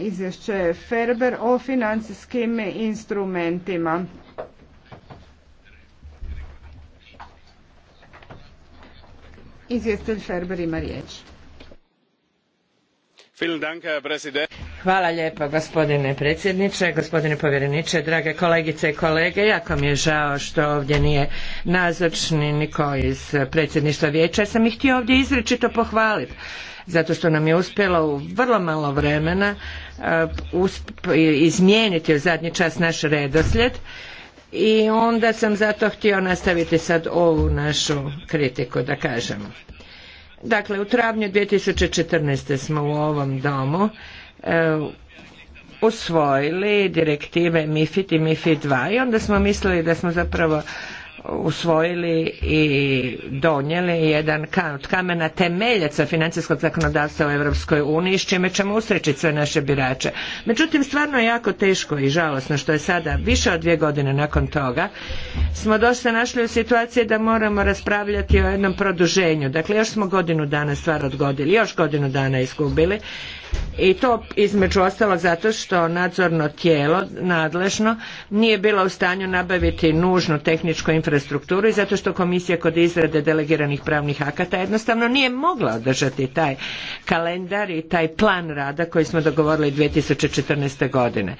izvješće Ferber o financijskim instrumentima. Izvjestitelj Ferber ima riječ. Hvala lijepo, gospodine predsjedniče, gospodine povjereniče, drage kolegice i kolege. Jako mi je žao što ovdje nije nazočni niko iz predsjedništva vijeća. Ja sam ih htio ovdje izričito pohvaliti zato što nam je uspjelo u vrlo malo vremena uh, izmijeniti u zadnji čas naš redoslijed i onda sam zato htio nastaviti sad ovu našu kritiku da kažemo. Dakle, u travnju 2014. smo u ovom domu E, usvojili direktive MIFID i MIFID 2 i onda smo mislili da smo zapravo usvojili i donijeli jedan od kamena temeljaca financijskog zakonodavstva u Europskoj uniji s čime ćemo usreći sve naše birače. Međutim, stvarno je jako teško i žalosno što je sada više od dvije godine nakon toga smo dosta našli u situaciji da moramo raspravljati o jednom produženju. Dakle, još smo godinu dana stvar odgodili, još godinu dana izgubili i to između ostalog zato što nadzorno tijelo nadležno nije bilo u stanju nabaviti nužnu tehničku infrastrukturu i zato što komisija kod izrade delegiranih pravnih akata jednostavno nije mogla održati taj kalendar i taj plan rada koji smo dogovorili 2014. godine.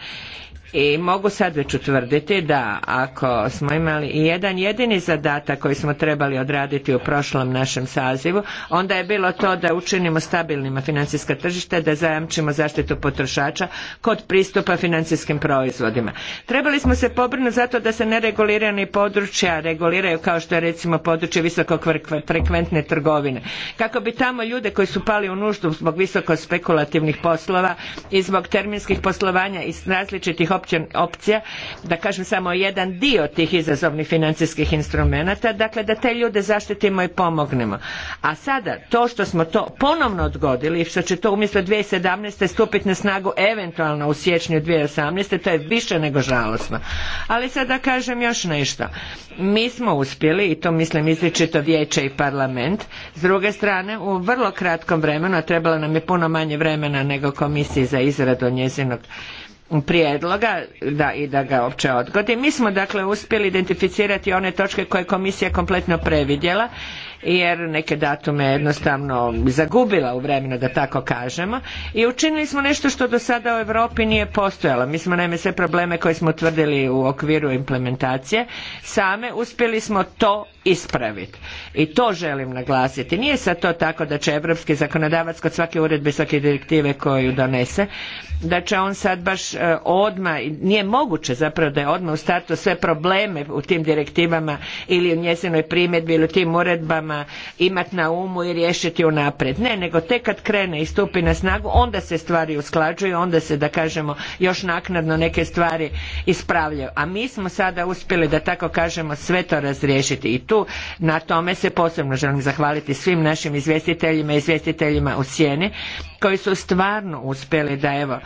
I mogu sad već utvrditi da ako smo imali jedan jedini zadatak koji smo trebali odraditi u prošlom našem sazivu, onda je bilo to da učinimo stabilnima financijska tržišta, da zajamčimo zaštitu potrošača kod pristupa financijskim proizvodima. Trebali smo se pobrinuti zato da se neregulirani područja reguliraju kao što je recimo područje frekventne trgovine. Kako bi tamo ljude koji su pali u nuždu zbog visoko spekulativnih poslova i zbog terminskih poslovanja i različitih opcija, da kažem samo jedan dio tih izazovnih financijskih instrumenata, dakle da te ljude zaštitimo i pomognemo. A sada to što smo to ponovno odgodili i što će to umjesto 2017. stupiti na snagu eventualno u siječnju 2018. to je više nego žalosno. Ali sada kažem još nešto. Mi smo uspjeli i to mislim izričito vijeće i parlament. S druge strane u vrlo kratkom vremenu, a trebalo nam je puno manje vremena nego komisiji za izradu njezinog prijedloga da, i da ga uopće odgodi. Mi smo dakle uspjeli identificirati one točke koje je komisija kompletno previdjela jer neke datume jednostavno zagubila u vremenu da tako kažemo i učinili smo nešto što do sada u Europi nije postojalo. Mi smo naime sve probleme koje smo utvrdili u okviru implementacije same uspjeli smo to ispraviti. I to želim naglasiti. Nije sad to tako da će europski zakonodavac kod svake uredbe, svake direktive koju donese, da će on sad baš e, odma, nije moguće zapravo da je odma u startu sve probleme u tim direktivama ili u njezinoj primjedbi ili u tim uredbama imati na umu i riješiti unaprijed. Ne, nego tek kad krene i stupi na snagu, onda se stvari usklađuju, onda se da kažemo još naknadno neke stvari ispravljaju. A mi smo sada uspjeli da tako kažemo sve to razriješiti i na tome se posebno želim zahvaliti svim našim izvjestiteljima i izvjestiteljima u sjeni koji su stvarno uspjeli da evo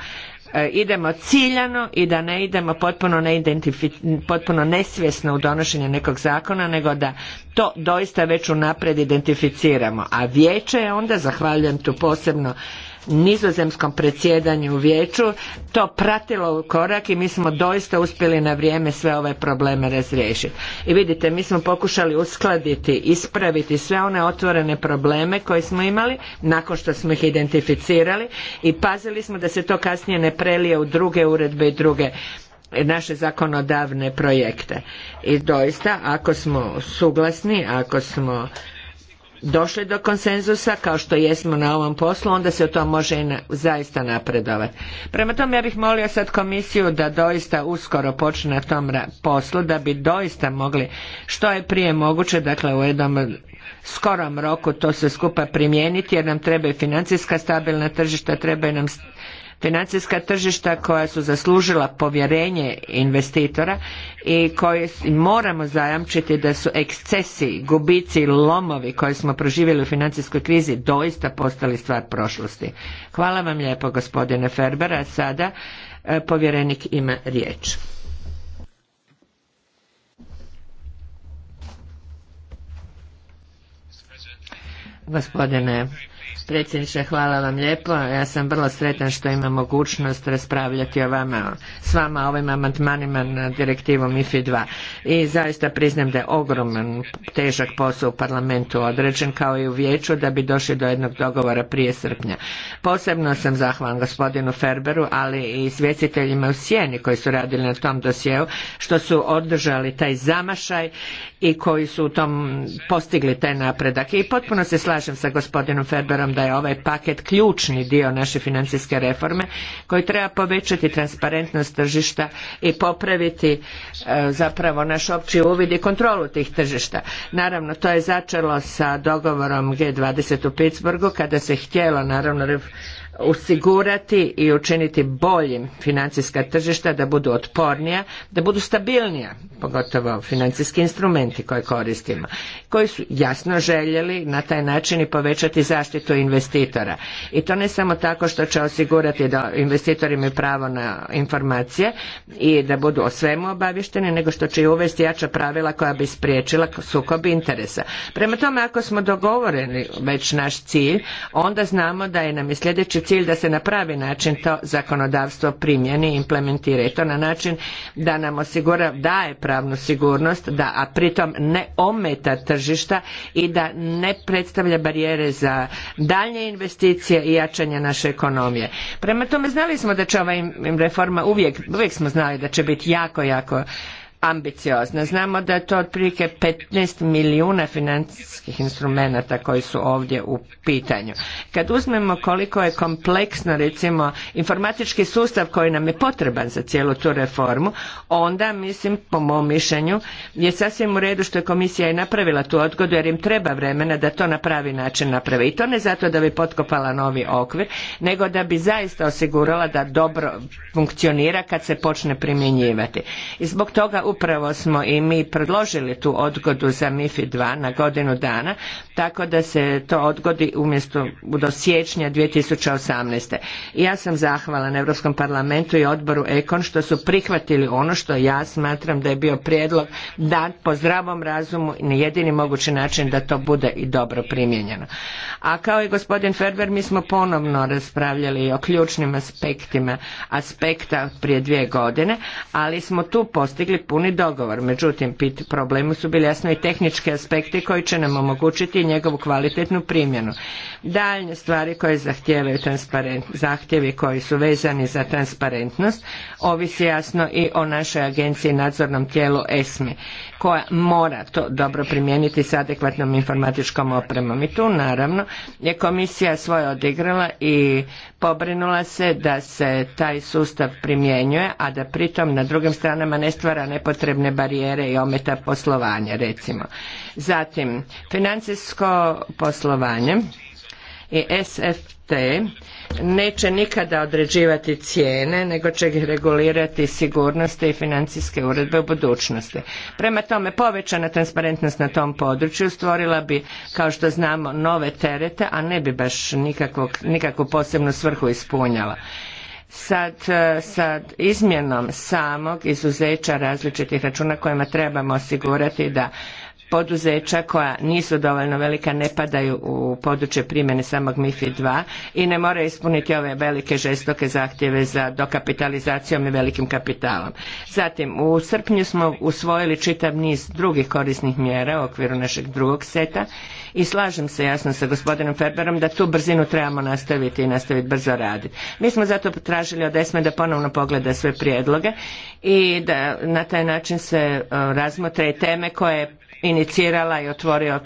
e, idemo ciljano i da ne idemo potpuno, potpuno nesvjesno u donošenje nekog zakona nego da to doista već unaprijed identificiramo a vijeće je onda zahvaljujem tu posebno nizozemskom predsjedanju u vijeću to pratilo u korak i mi smo doista uspjeli na vrijeme sve ove probleme razriješiti. I vidite, mi smo pokušali uskladiti, ispraviti sve one otvorene probleme koje smo imali nakon što smo ih identificirali i pazili smo da se to kasnije ne prelije u druge uredbe i druge naše zakonodavne projekte. I doista, ako smo suglasni, ako smo došli do konsenzusa kao što jesmo na ovom poslu onda se to može i zaista napredovati. Prema tome ja bih molio sad komisiju da doista uskoro počne na tom poslu da bi doista mogli što je prije moguće dakle u jednom skorom roku to se skupa primijeniti jer nam trebaju financijska stabilna tržišta, trebaju nam Financijska tržišta koja su zaslužila povjerenje investitora i koje moramo zajamčiti da su ekscesi, gubici, lomovi koje smo proživjeli u financijskoj krizi doista postali stvar prošlosti. Hvala vam lijepo gospodine Ferber, a sada e, povjerenik ima riječ. Gospodine Predsjedniče, hvala vam lijepo. Ja sam vrlo sretan što imam mogućnost raspravljati o vama, s vama ovim amandmanima na direktivu MIFI 2. I zaista priznam da je ogroman težak posao u parlamentu određen kao i u vijeću da bi došli do jednog dogovora prije srpnja. Posebno sam zahvalan gospodinu Ferberu, ali i izvjestiteljima u Sjeni koji su radili na tom dosjeu, što su održali taj zamašaj i koji su u tom postigli taj napredak. I potpuno se slažem sa gospodinom Ferberom da je ovaj paket ključni dio naše financijske reforme koji treba povećati transparentnost tržišta i popraviti e, zapravo naš opći uvid i kontrolu tih tržišta. Naravno, to je začelo sa dogovorom G20 u Pittsburghu kada se htjelo naravno osigurati i učiniti boljim financijska tržišta da budu otpornija, da budu stabilnija, pogotovo financijski instrumenti koje koristimo, koji su jasno željeli na taj način i povećati zaštitu investitora. I to ne samo tako što će osigurati da investitori imaju pravo na informacije i da budu o svemu obavješteni, nego što će i uvesti jača pravila koja bi spriječila sukob interesa. Prema tome, ako smo dogovoreni već naš cilj, onda znamo da je nam je sljedeći cilj da se na pravi način to zakonodavstvo primjeni i implementira i to na način da nam osigura, daje pravnu sigurnost, da a pritom ne ometa tržišta i da ne predstavlja barijere za daljnje investicije i jačanje naše ekonomije. Prema tome znali smo da će ova reforma uvijek, uvijek smo znali da će biti jako, jako ambiciozna. Znamo da je to otprilike 15 milijuna financijskih instrumenata koji su ovdje u pitanju. Kad uzmemo koliko je kompleksno recimo informatički sustav koji nam je potreban za cijelu tu reformu, onda mislim po mom mišljenju je sasvim u redu što je komisija i napravila tu odgodu jer im treba vremena da to na pravi način naprave. I to ne zato da bi potkopala novi okvir, nego da bi zaista osigurala da dobro funkcionira kad se počne primjenjivati. I zbog toga upravo smo i mi predložili tu odgodu za MIFI 2 na godinu dana, tako da se to odgodi umjesto do siječnja 2018. Ja sam zahvalan Europskom parlamentu i odboru Ekon što su prihvatili ono što ja smatram da je bio prijedlog da po zdravom razumu na jedini mogući način da to bude i dobro primijenjeno. A kao i gospodin Ferber mi smo ponovno raspravljali o ključnim aspektima aspekta prije dvije godine, ali smo tu postigli puno puni dogovor. Međutim, problemu su bili jasno i tehnički aspekti koji će nam omogućiti njegovu kvalitetnu primjenu. Daljnje stvari koje zahtijevaju zahtjevi koji su vezani za transparentnost ovisi jasno i o našoj agenciji nadzornom tijelu ESMI koja mora to dobro primijeniti s adekvatnom informatičkom opremom. I tu naravno je komisija svoje odigrala i pobrinula se da se taj sustav primjenjuje, a da pritom na drugim stranama ne stvara nepotrebne barijere i ometa poslovanje recimo. Zatim, financijsko poslovanje i SFT neće nikada određivati cijene, nego će ih regulirati sigurnosti i financijske uredbe u budućnosti. Prema tome, povećana transparentnost na tom području stvorila bi, kao što znamo, nove terete, a ne bi baš nikakvu posebnu svrhu ispunjala. Sad, e, sad izmjenom samog izuzeća različitih računa kojima trebamo osigurati da poduzeća koja nisu dovoljno velika ne padaju u područje primjene samog MIFID 2 i ne moraju ispuniti ove velike žestoke zahtjeve za dokapitalizacijom i velikim kapitalom. Zatim, u srpnju smo usvojili čitav niz drugih korisnih mjera u okviru našeg drugog seta i slažem se jasno sa gospodinom Ferberom da tu brzinu trebamo nastaviti i nastaviti brzo raditi. Mi smo zato potražili od ESME da ponovno pogleda sve prijedloge i da na taj način se e, razmotre teme koje inicirala i otvorio,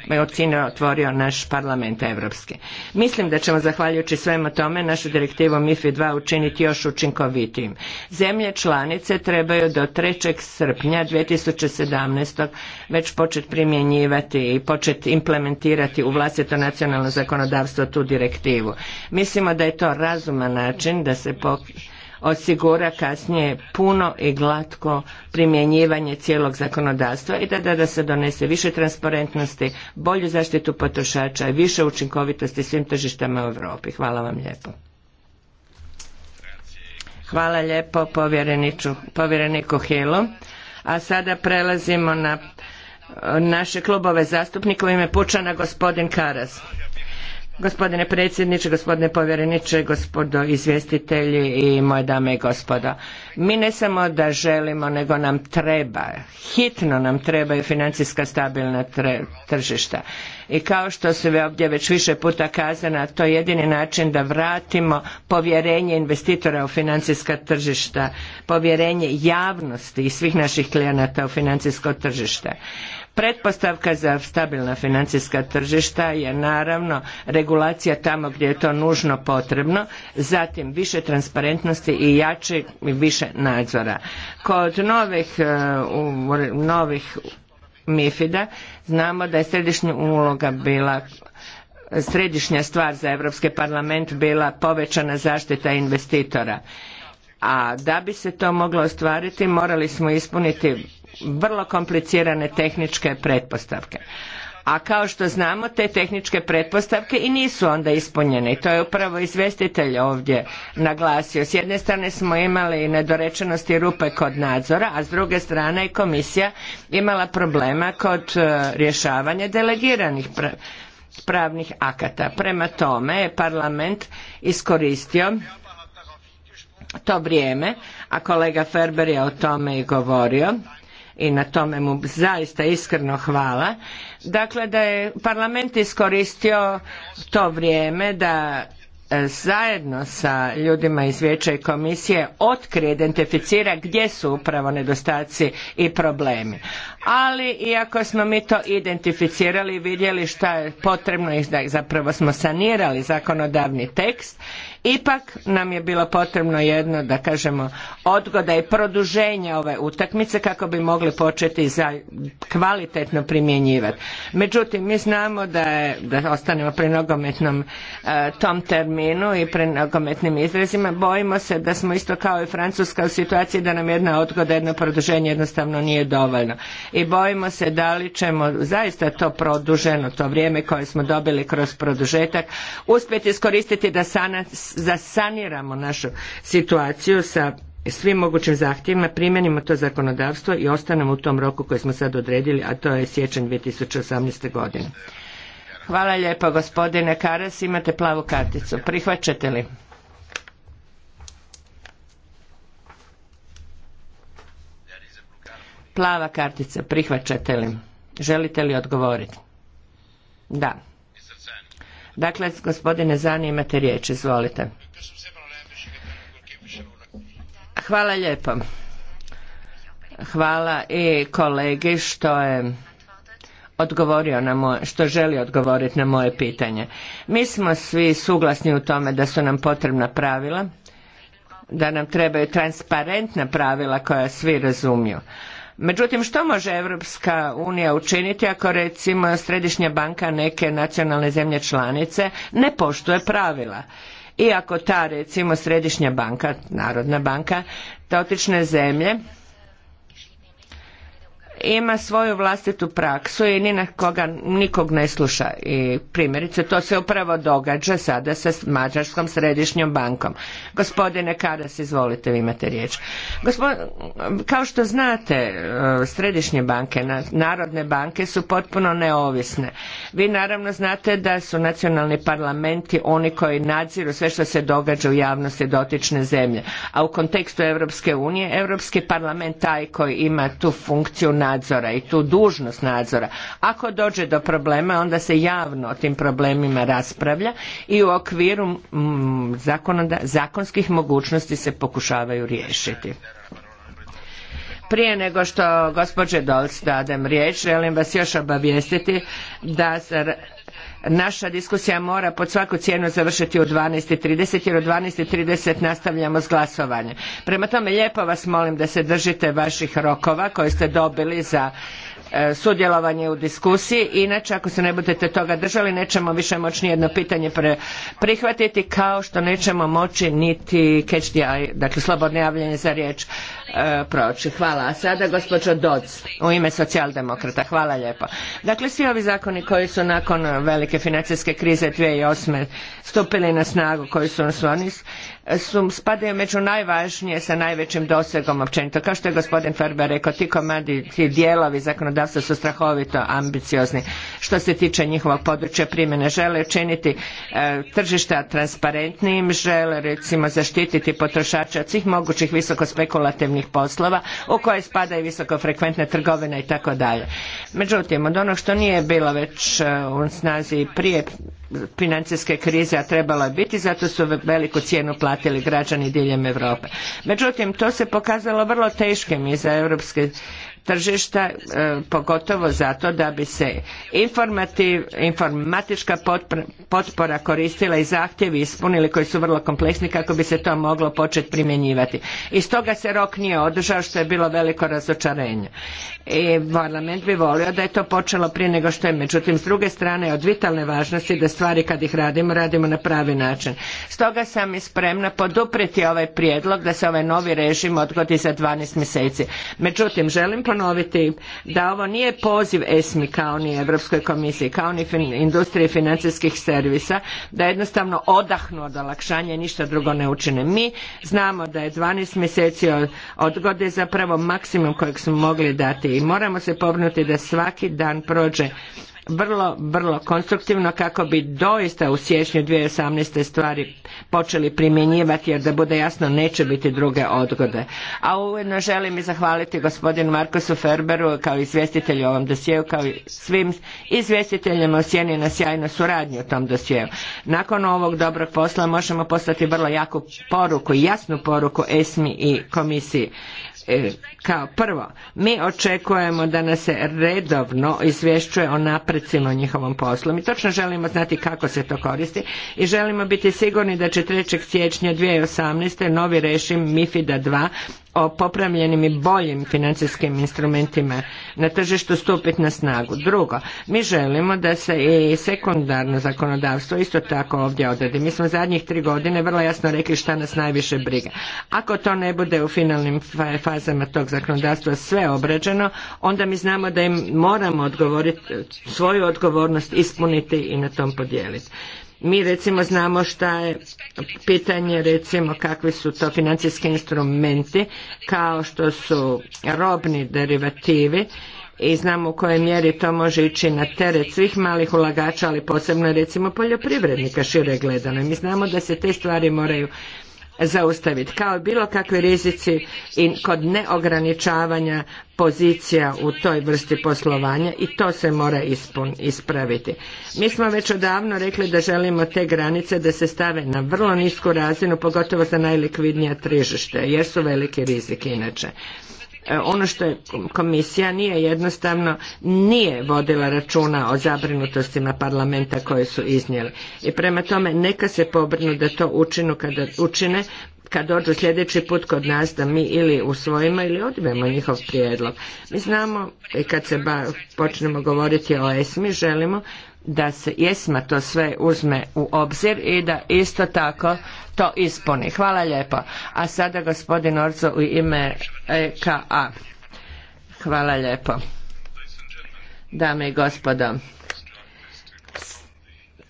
otvorio, naš parlament europski. Mislim da ćemo zahvaljujući svemu tome našu direktivu MIFI 2 učiniti još učinkovitijim. Zemlje članice trebaju do 3. srpnja 2017. već početi primjenjivati i početi implementirati u vlastito nacionalno zakonodavstvo tu direktivu. Mislimo da je to razuman način da se osigura kasnije puno i glatko primjenjivanje cijelog zakonodavstva i da, da, se donese više transparentnosti, bolju zaštitu potrošača i više učinkovitosti svim tržištama u Europi. Hvala vam lijepo. Hvala lijepo povjereniku Hillu. A sada prelazimo na naše klubove zastupnika u ime Pučana gospodin Karas. Gospodine predsjedniče, gospodine povjereniče, gospodo izvjestitelji i moje dame i gospodo. Mi ne samo da želimo, nego nam treba, hitno nam trebaju financijska stabilna tržišta. I kao što su ovdje već više puta kazana, to je jedini način da vratimo povjerenje investitora u financijska tržišta, povjerenje javnosti i svih naših klijenata u financijsko tržište. Pretpostavka za stabilna financijska tržišta je naravno regulacija tamo gdje je to nužno potrebno, zatim više transparentnosti i jače i više nadzora. Kod novih, e, novih mifid znamo da je središnja uloga bila središnja stvar za Europski parlament bila povećana zaštita investitora. A da bi se to moglo ostvariti morali smo ispuniti vrlo komplicirane tehničke pretpostavke. A kao što znamo, te tehničke pretpostavke i nisu onda ispunjene. I to je upravo izvjestitelj ovdje naglasio. S jedne strane smo imali nedorečenosti rupe kod nadzora, a s druge strane i komisija imala problema kod e, rješavanja delegiranih pravnih akata. Prema tome je parlament iskoristio to vrijeme, a kolega Ferber je o tome i govorio, i na tome mu zaista iskreno hvala. Dakle, da je parlament iskoristio to vrijeme da e, zajedno sa ljudima iz vijeća i komisije otkrije, identificira gdje su upravo nedostaci i problemi. Ali iako smo mi to identificirali i vidjeli šta je potrebno i zapravo smo sanirali zakonodavni tekst Ipak nam je bilo potrebno jedno, da kažemo, odgoda i produženje ove utakmice kako bi mogli početi za kvalitetno primjenjivati. Međutim, mi znamo da je, da ostanemo pri nogometnom e, tom terminu i pri nogometnim izrazima, bojimo se da smo isto kao i Francuska u situaciji da nam jedna odgoda, jedno produženje jednostavno nije dovoljno. I bojimo se da li ćemo zaista to produženo, to vrijeme koje smo dobili kroz produžetak, uspjeti iskoristiti da sana, da našu situaciju sa svim mogućim zahtjevima, primjenimo to zakonodavstvo i ostanemo u tom roku koji smo sad odredili, a to je siječanj 2018. godine. Hvala lijepo gospodine Karas, imate plavu karticu. Prihvaćate li? Plava kartica, prihvaćate li? Želite li odgovoriti? Da. Dakle, gospodine Zani, imate riječ, izvolite. Hvala lijepo. Hvala i kolegi što je odgovorio na moje, što želi odgovoriti na moje pitanje. Mi smo svi suglasni u tome da su nam potrebna pravila, da nam trebaju transparentna pravila koja svi razumiju. Međutim, što može Europska unija učiniti ako recimo Središnja banka neke nacionalne zemlje članice ne poštuje pravila? I ako ta recimo Središnja banka, Narodna banka, dotične zemlje ima svoju vlastitu praksu i ni na koga nikog ne sluša i primjerice to se upravo događa sada sa Mađarskom središnjom bankom. Gospodine Karas, izvolite, vi imate riječ. kao što znate, e, središnje banke, narodne banke su potpuno neovisne. Vi naravno znate da su nacionalni parlamenti oni koji nadziru sve što se događa u javnosti dotične zemlje. A u kontekstu Europske unije, Europski parlament taj koji ima tu funkciju nadzora i tu dužnost nadzora. Ako dođe do problema onda se javno o tim problemima raspravlja i u okviru mm, zakonskih mogućnosti se pokušavaju riješiti. Prije nego što gospođe Dolc dadem riječ, želim vas još obavijestiti da se naša diskusija mora pod svaku cijenu završiti u 12.30 jer u 12.30 nastavljamo s glasovanjem. Prema tome lijepo vas molim da se držite vaših rokova koje ste dobili za e, sudjelovanje u diskusiji. Inače, ako se ne budete toga držali, nećemo više moći jedno pitanje prihvatiti, kao što nećemo moći niti catch the eye, dakle slobodno javljanje za riječ. E, proći. Hvala. A sada gospođo Doc u ime socijaldemokrata. Hvala lijepo. Dakle, svi ovi zakoni koji su nakon velike financijske krize 2008. stupili na snagu, koji su oni su, spadaju među najvažnije sa najvećim dosegom općenito. Kao što je gospodin Ferber rekao, ti komadi, ti dijelovi zakonodavstva su strahovito ambiciozni. Što se tiče njihovog područja primjene, žele učiniti e, tržišta transparentnijim, žele recimo zaštititi potrošača od svih mogućih visoko poslova u koje spadaju visokofrekventna trgovina i tako dalje. Međutim, od onog što nije bilo već e, u snazi prije financijske krize, a trebalo je biti, zato su veliku cijenu platili građani diljem Europe. Međutim, to se pokazalo vrlo teškim i za europske tržišta, e, pogotovo zato da bi se informatička potpora, koristila i zahtjevi ispunili koji su vrlo kompleksni kako bi se to moglo početi primjenjivati. I stoga se rok nije održao što je bilo veliko razočarenje. I parlament bi volio da je to počelo prije nego što je. Međutim, s druge strane od vitalne važnosti da stvari kad ih radimo, radimo na pravi način. Stoga sam i spremna poduprijeti ovaj prijedlog da se ovaj novi režim odgodi za 12 mjeseci. Međutim, želim ponoviti da ovo nije poziv ESMI kao ni Europskoj komisiji, kao ni industrije financijskih servisa, da jednostavno odahnu od olakšanja i ništa drugo ne učine. Mi znamo da je 12 mjeseci odgode zapravo maksimum kojeg smo mogli dati i moramo se pobrinuti da svaki dan prođe vrlo, vrlo konstruktivno kako bi doista u siječnju 2018. stvari počeli primjenjivati jer da bude jasno neće biti druge odgode. A ujedno želim i zahvaliti gospodinu Markusu Ferberu kao izvjestitelju ovom dosjeu kao i svim izvjestiteljima u sjeni na sjajnu suradnju u tom dosjeu. Nakon ovog dobrog posla možemo poslati vrlo jaku poruku, jasnu poruku ESMI i komisiji E, kao prvo, mi očekujemo da nas se redovno izvješćuje o naprecima o njihovom poslu. Mi točno želimo znati kako se to koristi i želimo biti sigurni da će 3. siječnja 2018. novi rešim MIFIDA 2 o popravljenim i boljim financijskim instrumentima na tržištu stupiti na snagu. Drugo, mi želimo da se i sekundarno zakonodavstvo isto tako ovdje odredi. Mi smo zadnjih tri godine vrlo jasno rekli šta nas najviše briga. Ako to ne bude u finalnim fazama tog zakonodavstva sve obrađeno, onda mi znamo da im moramo odgovoriti, svoju odgovornost ispuniti i na tom podijeliti. Mi recimo znamo šta je pitanje recimo kakvi su to financijski instrumenti kao što su robni derivativi i znamo u kojoj mjeri to može ići na teret svih malih ulagača, ali posebno recimo poljoprivrednika šire gledano. Mi znamo da se te stvari moraju zaustaviti, kao bilo kakvi rizici i kod neograničavanja pozicija u toj vrsti poslovanja i to se mora ispun, ispraviti. Mi smo već odavno rekli da želimo te granice da se stave na vrlo nisku razinu, pogotovo za najlikvidnija tržišta, jer su veliki rizik inače. E, ono što je komisija nije jednostavno nije vodila računa o zabrinutostima parlamenta koje su iznijeli i prema tome neka se pobrinu da to učinu kada učine kad dođu sljedeći put kod nas da mi ili usvojimo ili odbijemo njihov prijedlog. Mi znamo i kad se počnemo govoriti o ESMI želimo da se jesma to sve uzme u obzir i da isto tako to ispuni. Hvala lijepo. A sada gospodin Orzo u ime EKA. Hvala lijepo. Dame i gospodo,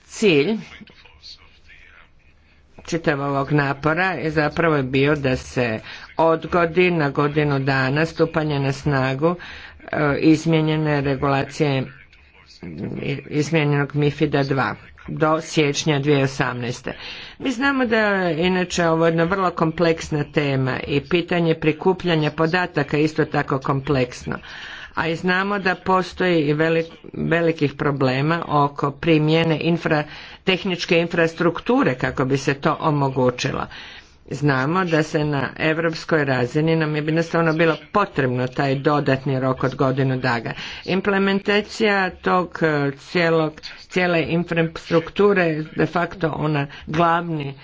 cilj čitavog ovog napora je zapravo bio da se odgodi na godinu dana stupanje na snagu e, izmijenjene regulacije izmijenjenog MIFID-a 2 do siječnja 2018. Mi znamo da je inače ovo jedna vrlo kompleksna tema i pitanje prikupljanja podataka je isto tako kompleksno. A i znamo da postoji i velikih problema oko primjene infra, tehničke infrastrukture kako bi se to omogućilo znamo da se na europskoj razini nam je jednostavno bilo potrebno taj dodatni rok od godinu daga. Implementacija tog e, cijelog, cijele infrastrukture de facto ona glavni,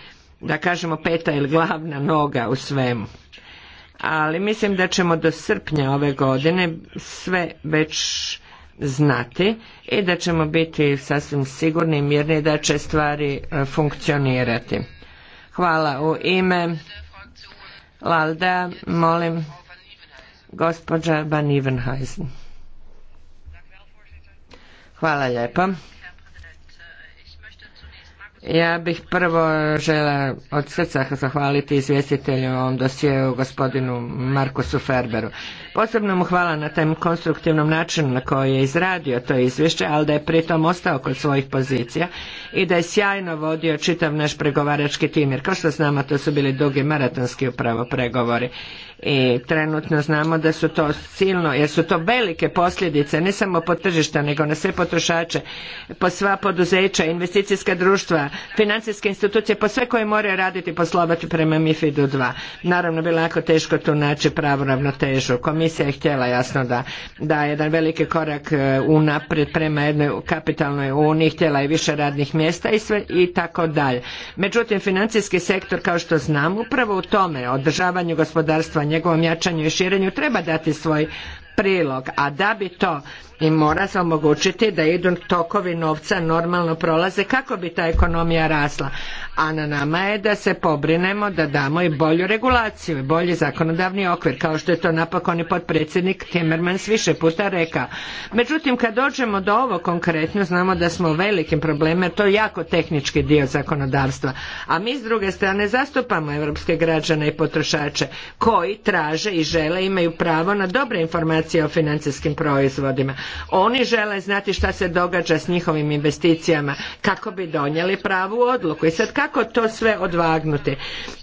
da kažemo peta ili glavna noga u svemu. Ali mislim da ćemo do srpnja ove godine sve već znati i da ćemo biti sasvim sigurni i mirni da će stvari e, funkcionirati. Hvala. U ime Lalda molim gospođa Van Ivenhuizen. Hvala lijepa. Ja bih prvo žela od srca zahvaliti izvjestitelju ovom dosjeu gospodinu Markusu Ferberu. Posebno mu hvala na tem konstruktivnom načinu na koji je izradio to izvješće, ali da je pritom ostao kod svojih pozicija i da je sjajno vodio čitav naš pregovarački tim, jer kao što znamo to su bili dugi maratonski upravo pregovori i trenutno znamo da su to silno, jer su to velike posljedice ne samo po tržišta nego na sve potrošače, po sva poduzeća, investicijska društva, financijske institucije po pa sve koje moraju raditi poslovati prema MIFID-u 2. Naravno, bilo je jako teško tu naći pravu ravnotežu. Komisija je htjela jasno da, da jedan veliki korak e, unaprijed prema jednoj kapitalnoj uniji, htjela je više radnih mjesta i sve i tako dalje. Međutim, financijski sektor, kao što znam, upravo u tome, održavanju gospodarstva, njegovom jačanju i širenju treba dati svoj prilog, a da bi to i mora se omogućiti da idu tokovi novca normalno prolaze kako bi ta ekonomija rasla. A na nama je da se pobrinemo da damo i bolju regulaciju i bolji zakonodavni okvir kao što je to napokon i potpredsjednik Timmermans više puta rekao. Međutim, kad dođemo do ovo konkretno znamo da smo u velikim problemima to je jako tehnički dio zakonodavstva. A mi s druge strane zastupamo europske građane i potrošače koji traže i žele imaju pravo na dobre informacije o financijskim proizvodima oni žele znati šta se događa s njihovim investicijama kako bi donijeli pravu odluku. I sad kako to sve odvagnuti?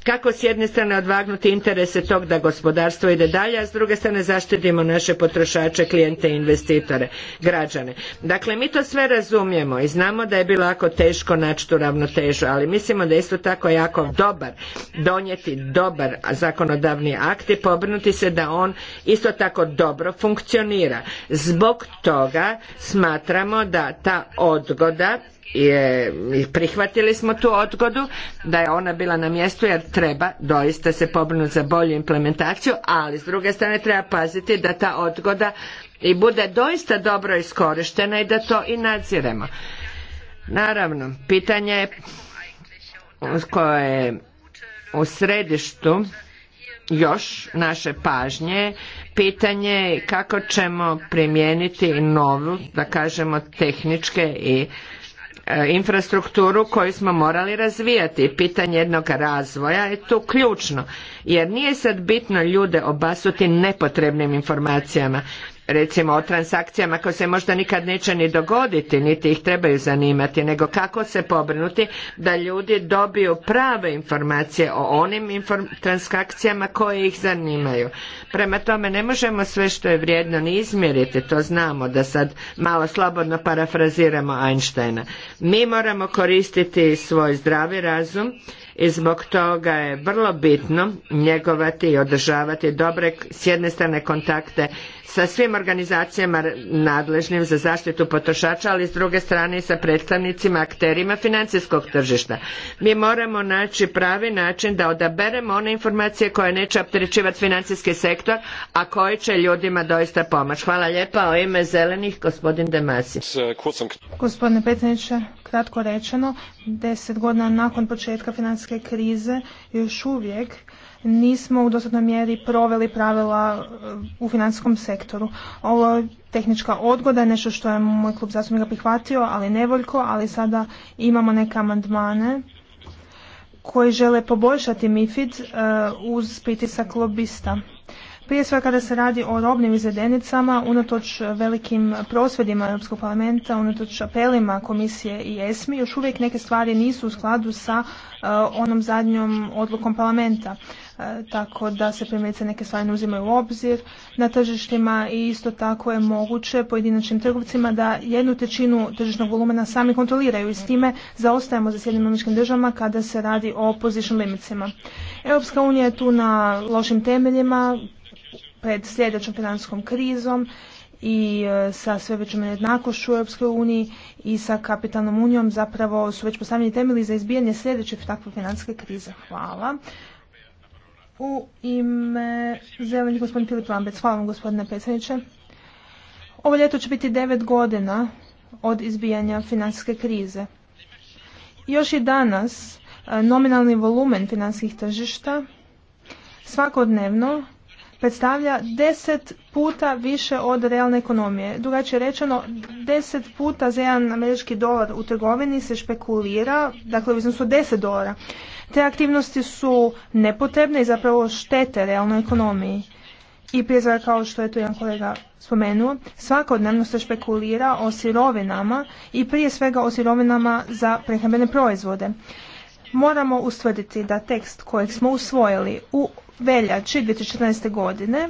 Kako s jedne strane odvagnuti interese tog da gospodarstvo ide dalje, a s druge strane zaštitimo naše potrošače, klijente, investitore, građane. Dakle, mi to sve razumijemo i znamo da je bilo jako teško naći tu ravnotežu, ali mislimo da je isto tako jako dobar donijeti dobar zakonodavni akt i pobrinuti se da on isto tako dobro funkcionira. Zbog toga smatramo da ta odgoda je, prihvatili smo tu odgodu, da je ona bila na mjestu jer treba doista se pobrinuti za bolju implementaciju, ali s druge strane treba paziti da ta odgoda i bude doista dobro iskorištena i da to i nadziremo. Naravno, pitanje koje je u središtu još naše pažnje pitanje kako ćemo primijeniti novu, da kažemo, tehničke i e, infrastrukturu koju smo morali razvijati. Pitanje jednog razvoja je tu ključno, jer nije sad bitno ljude obasuti nepotrebnim informacijama, recimo o transakcijama koje se možda nikad neće ni dogoditi niti ih trebaju zanimati nego kako se pobrinuti da ljudi dobiju prave informacije o onim transakcijama koje ih zanimaju. Prema tome ne možemo sve što je vrijedno ni izmjeriti, to znamo da sad malo slobodno parafraziramo Einsteina. Mi moramo koristiti svoj zdravi razum i zbog toga je vrlo bitno njegovati i održavati dobre s jedne strane kontakte sa svim organizacijama nadležnim za zaštitu potrošača, ali s druge strane i sa predstavnicima akterima financijskog tržišta. Mi moramo naći pravi način da odaberemo one informacije koje neće opterećivati financijski sektor, a koje će ljudima doista pomoći. Hvala lijepa. O ime zelenih gospodin Demasi. Gospodine Kratko rečeno, deset godina nakon početka financijske krize još uvijek nismo u dostatnoj mjeri proveli pravila e, u financijskom sektoru. Ovo je tehnička odgoda nešto što je moj klub zastupnika prihvatio, ali nevoljko, ali sada imamo neke amandmane koji žele poboljšati MIFID e, uz pritisak lobista. Prije svega kada se radi o robnim izvedenicama, unatoč velikim prosvjedima Europskog parlamenta, unatoč apelima komisije i ESMI, još uvijek neke stvari nisu u skladu sa eh, onom zadnjom odlukom parlamenta. Eh, tako da se primjerice neke stvari ne uzimaju u obzir na tržištima i isto tako je moguće pojedinačnim trgovcima da jednu trećinu tržišnog volumena sami kontroliraju i s time zaostajemo za Sjedinim američkim državama kada se radi o position limitsima. Europska unija je tu na lošim temeljima, pred sljedećom financijskom krizom i e, sa sve većom nejednakošću u Europskoj uniji i sa kapitalnom unijom zapravo su već postavljeni temelji za izbijanje sljedeće takve financijske krize. Hvala. U ime zelenih gospodin Filip Lambec. Hvala vam gospodine predsjedniče. Ovo ljeto će biti devet godina od izbijanja financijske krize. Još i danas e, nominalni volumen financijskih tržišta svakodnevno predstavlja deset puta više od realne ekonomije. Drugačije rečeno, deset puta za jedan američki dolar u trgovini se špekulira, dakle u iznosu deset dolara. Te aktivnosti su nepotrebne i zapravo štete realnoj ekonomiji. I prije kao što je to jedan kolega spomenuo, svakodnevno se špekulira o sirovinama i prije svega o sirovinama za prehrambene proizvode moramo ustvrditi da tekst kojeg smo usvojili u veljači 2014. godine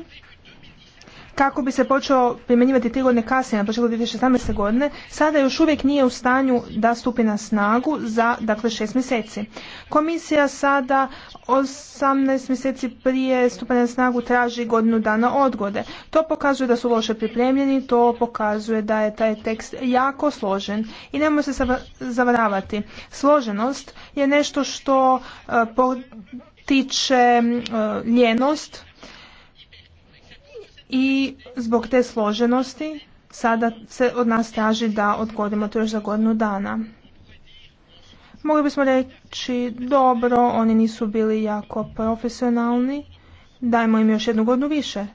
kako bi se počeo primjenjivati tri godine kasnije, na početku 2017. godine, sada još uvijek nije u stanju da stupi na snagu za dakle, šest mjeseci. Komisija sada 18 mjeseci prije stupanja na snagu traži godinu dana odgode. To pokazuje da su loše pripremljeni, to pokazuje da je taj tekst jako složen i nemojmo se zavaravati. Složenost je nešto što uh, potiče ljenost, eh, i zbog te složenosti sada se od nas traži da odgodimo to još za godinu dana. Mogli bismo reći, dobro, oni nisu bili jako profesionalni, dajmo im još jednu godinu više.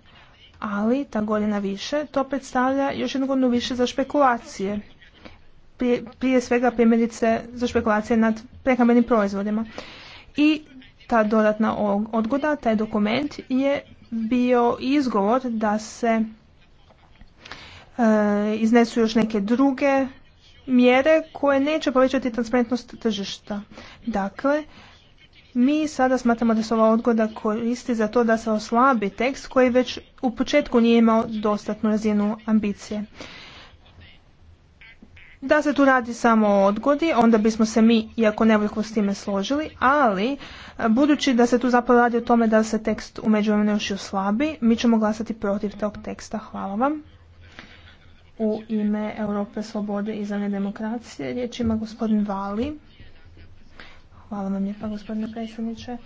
Ali ta godina više, to predstavlja još jednu godinu više za špekulacije. Prije, prije svega primjerice za špekulacije nad prehrambenim proizvodima. I ta dodatna odgoda, taj dokument je bio izgovor da se e, iznesu još neke druge mjere koje neće povećati transparentnost tržišta. Dakle, mi sada smatramo da se ova odgoda koristi za to da se oslabi tekst koji već u početku nije imao dostatnu razinu ambicije. Da se tu radi samo o odgodi, onda bismo se mi, iako nevoljko s time složili, ali e, budući da se tu zapravo radi o tome da se tekst u međuvremenu još i mi ćemo glasati protiv tog teksta. Hvala vam. U ime Europe slobode i zemlje demokracije riječ ima gospodin Vali. Hvala vam lijepa gospodine predsjedniče.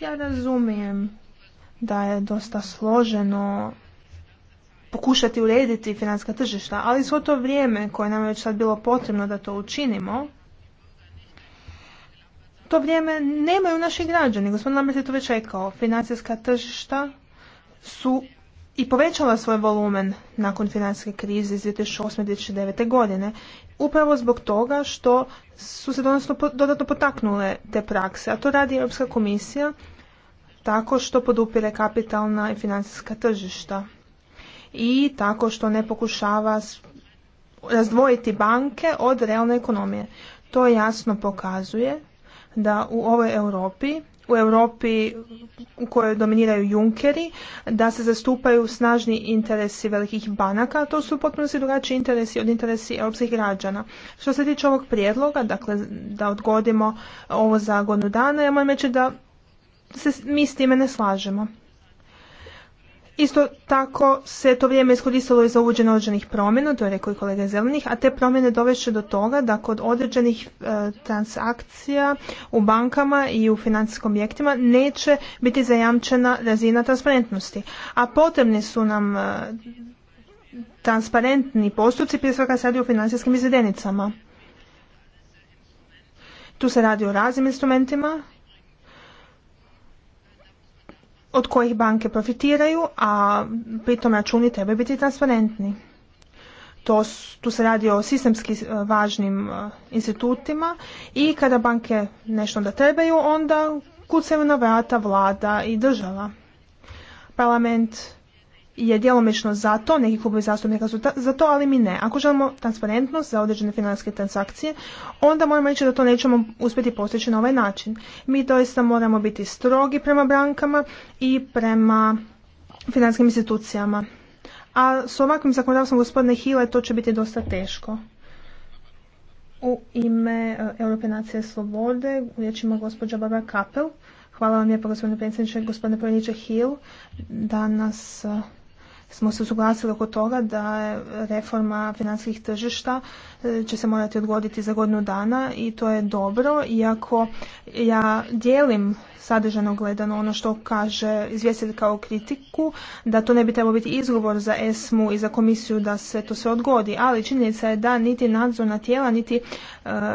Ja razumijem da je dosta složeno pokušati urediti financijska tržišta, ali svo to vrijeme koje nam je već sad bilo potrebno da to učinimo, to vrijeme nemaju naši građani. Gospodin Lambert je to već rekao. Financijska tržišta su i povećala svoj volumen nakon financijske krize iz 2008-2009. godine. Upravo zbog toga što su se dodatno potaknule te prakse, a to radi Europska komisija tako što podupire kapitalna i financijska tržišta i tako što ne pokušava razdvojiti banke od realne ekonomije. To jasno pokazuje da u ovoj Europi, u Europi u kojoj dominiraju Junkeri, da se zastupaju snažni interesi velikih banaka, to su potpuno se drugačiji interesi od interesi europskih građana. Što se tiče ovog prijedloga, dakle da odgodimo ovo za godinu dana, ja moram reći da se mi s time ne slažemo. Isto tako se to vrijeme iskoristilo i za uvođenje određenih promjena, to je rekao i kolega Zelenih, a te promjene doveše do toga da kod određenih e, transakcija u bankama i u financijskim objektima neće biti zajamčena razina transparentnosti. A potrebni su nam e, transparentni postupci, prije svega sad radi financijskim izvedenicama. Tu se radi o raznim instrumentima od kojih banke profitiraju, a pritom računi trebaju biti transparentni. To, tu se radi o sistemski eh, važnim eh, institutima i kada banke nešto da trebaju, onda kucaju na vrata vlada i država. Parlament je djelomično za to, neki klubovi zastupnika su za to, ali mi ne. Ako želimo transparentnost za određene financijske transakcije, onda moramo reći da to nećemo uspjeti postići na ovaj način. Mi doista moramo biti strogi prema brankama i prema financijskim institucijama. A s ovakvim zakonodavstvom gospodine Hile to će biti dosta teško. U ime e, Europe nacije slobode riječima gospođa Barbara Kapel. Hvala vam lijepo gospodine predsjedniče, gospodine predsjedniče Hill. Danas e, smo se usuglasili oko toga da reforma financijskih tržišta e, će se morati odgoditi za godinu dana i to je dobro, iako ja dijelim sadržano gledano ono što kaže izvjestitelj kao kritiku, da to ne bi trebalo biti izgovor za ESMU i za komisiju da se to sve odgodi, ali činjenica je da niti nadzorna tijela, niti e,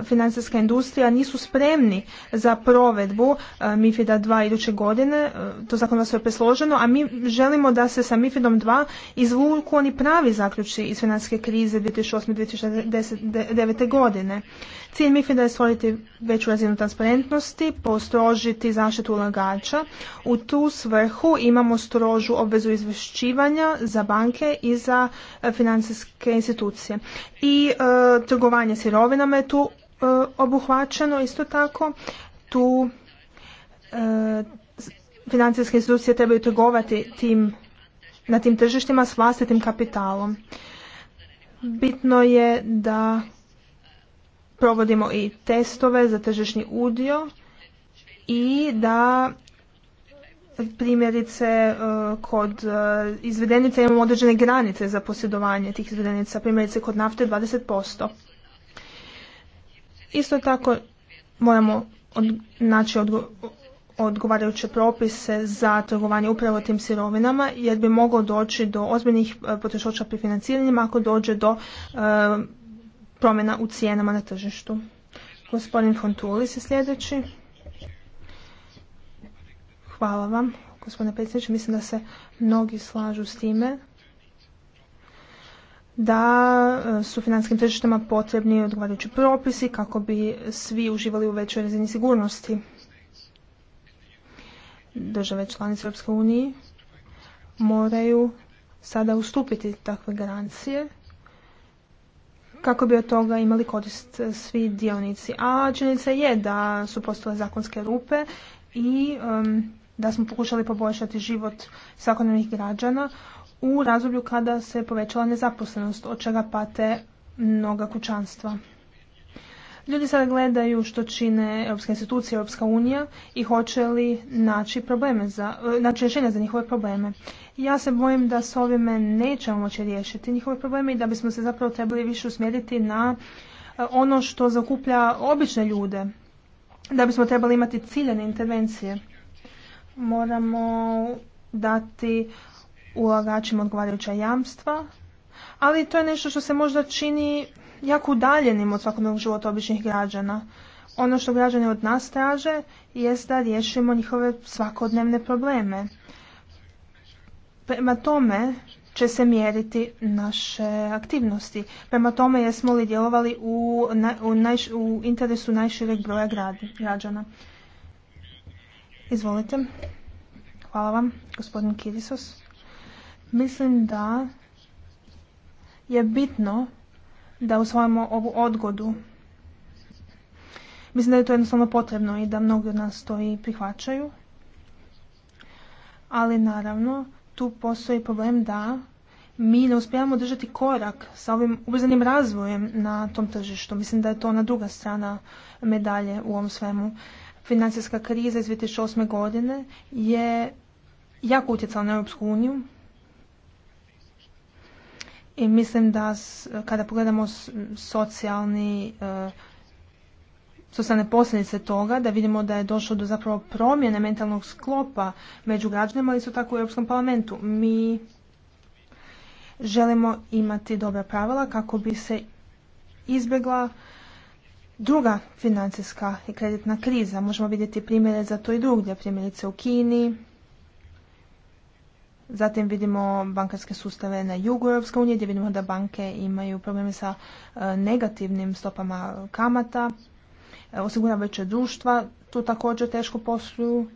financijska industrija nisu spremni za provedbu e, MIFID-a 2 iduće godine, uh, to vas je presloženo, a mi želimo da se sa MiFIDom om 2 izvuku oni pravi zaključi iz financijske krize 2008-2009. godine. Cilj mifid je stvoriti veću razinu transparentnosti, postrožiti zaštitu ulagača. U tu svrhu imamo strožu obvezu izvješćivanja za banke i za e, financijske institucije. I e, trgovanje sirovinama je tu e, obuhvaćeno isto tako. Tu financijske institucije trebaju trgovati na tim tržištima s vlastitim kapitalom. Bitno je da provodimo i testove za tržišni udio i da primjerice e, kod e, izvedenica imamo određene granice za posjedovanje tih izvedenica, primjerice kod nafte 20%. Isto tako moramo naći odgovarajuće propise za trgovanje upravo tim sirovinama jer bi moglo doći do ozbiljnih e, poteškoća pri financiranjima ako dođe do promjena u cijenama na tržištu. Gospodin Fontulis je sljedeći. Hvala vam, gospodine predsjedniče. Mislim da se mnogi slažu s time da e, su financijskim tržištima potrebni odgovarajući propisi kako bi svi uživali u većoj razini sigurnosti. Države članice Europske unije moraju sada ustupiti takve garancije kako bi od toga imali korist eh, svi dionici. A činjenica je da su postale zakonske rupe i da smo pokušali poboljšati život svakodnevnih građana u razdoblju kada se povećala nezaposlenost, od čega pate mnoga kućanstva. Ljudi sada gledaju što čine Europske institucije, Europska unija i hoće li naći, probleme za, e, naći rješenja za njihove probleme. Ja se bojim da s ovime nećemo moći riješiti njihove probleme i da bismo se zapravo trebali više usmjeriti na e, ono što zakuplja obične ljude. Da bismo trebali imati ciljene intervencije. Moramo dati ulagačima odgovarajuća jamstva, ali to je nešto što se možda čini jako udaljenim od svakodnevnog života običnih građana. Ono što građani od nas traže jest da riješimo njihove svakodnevne probleme. Prema tome će se mjeriti naše aktivnosti. Prema tome jesmo li djelovali u, interesu najšireg broja građana. Izvolite. Hvala vam, gospodin Kirisos. Mislim da je bitno da usvojimo ovu odgodu. Mislim da je to jednostavno potrebno i da mnogi od nas to i prihvaćaju. Ali naravno, tu postoji problem da mi ne uspijamo držati korak sa ovim ubrzanim razvojem na tom tržištu. Mislim da je to ona druga strana medalje u ovom svemu. Financijska kriza iz 2008. godine je jako utjecala na Europsku uniju, i mislim da kada pogledamo socijalni e, socijalne posljedice toga, da vidimo da je došlo do zapravo promjene mentalnog sklopa među građanima, ali su tako u Europskom parlamentu. Mi želimo imati dobra pravila kako bi se izbjegla druga financijska i kreditna kriza. Možemo vidjeti primjere za to i drugdje, primjerice u Kini, Zatim vidimo bankarske sustave na jugu Europske unije gdje vidimo da banke imaju probleme sa e, negativnim stopama kamata, e, osiguravajuća društva tu također teško posluju.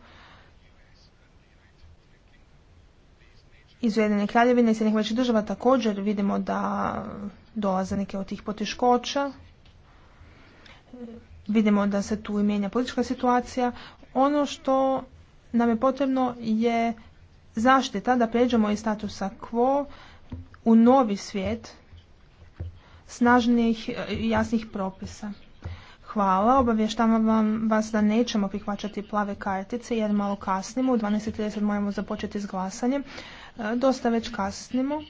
Iz Ujedine kraljevine i većih država također vidimo da dolaze neke od tih poteškoća. Vidimo da se tu mijenja politička situacija. Ono što nam je potrebno je zaštita da pređemo iz statusa quo u novi svijet snažnih i e, jasnih propisa. Hvala, obavještavam vas da nećemo prihvaćati plave kartice jer malo kasnimo, u 12.30 moramo započeti s glasanjem. E, dosta već kasnimo,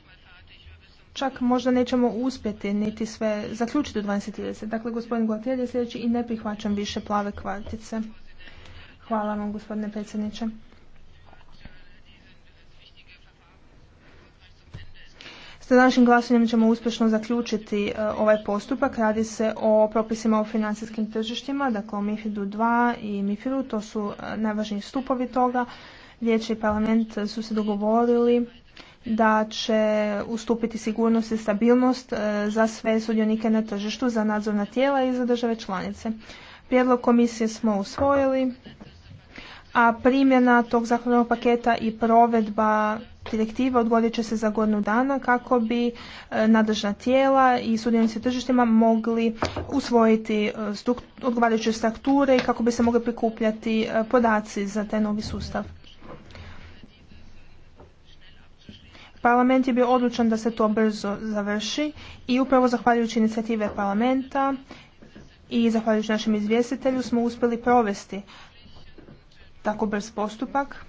čak možda nećemo uspjeti niti sve zaključiti u 12.30. Dakle, gospodin Gualtier je sljedeći i ne prihvaćam više plave kartice. Hvala vam, gospodine predsjedniče. sa današnjim glasanjem ćemo uspješno zaključiti e, ovaj postupak. Radi se o propisima o financijskim tržištima, dakle o MIFID-u 2 i MIFIR-u. To su e, najvažniji stupovi toga. Vijeće i parlament su se dogovorili da će ustupiti sigurnost i stabilnost e, za sve sudionike na tržištu, za nadzorna tijela i za države članice. Prijedlog komisije smo usvojili, a primjena tog zakonodavnog paketa i provedba direktive odgodit će se za godinu dana kako bi e, nadležna tijela i sudionici tržištima mogli usvojiti e, odgovarajuće strukture i kako bi se mogli prikupljati e, podaci za taj novi sustav. Parlament je bio odlučan da se to brzo završi i upravo zahvaljujući inicijative parlamenta i zahvaljujući našem izvjestitelju smo uspjeli provesti tako brz postupak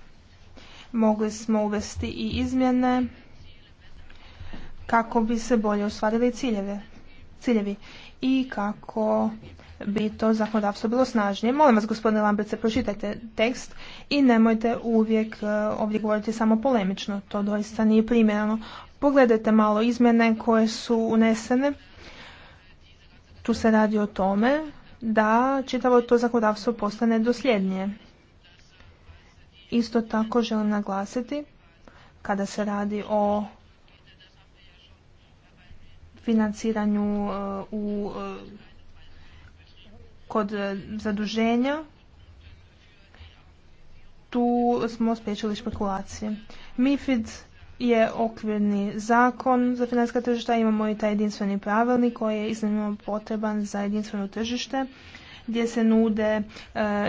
mogli smo uvesti i izmjene kako bi se bolje ostvarili ciljevi i kako bi to zakonodavstvo bilo snažnije. Molim vas, gospodine Lambrice, pročitajte tekst i nemojte uvijek e, ovdje govoriti samo polemično. To doista nije primjerano. Pogledajte malo izmjene koje su unesene. Tu se radi o tome da čitavo to zakonodavstvo postane dosljednije. Isto tako želim naglasiti kada se radi o financiranju uh, u, uh, kod uh, zaduženja tu smo spriječili špekulacije. MIFID je okvirni zakon za financijska tržišta, imamo i taj jedinstveni pravilnik koji je iznimno potreban za jedinstveno tržište gdje se nude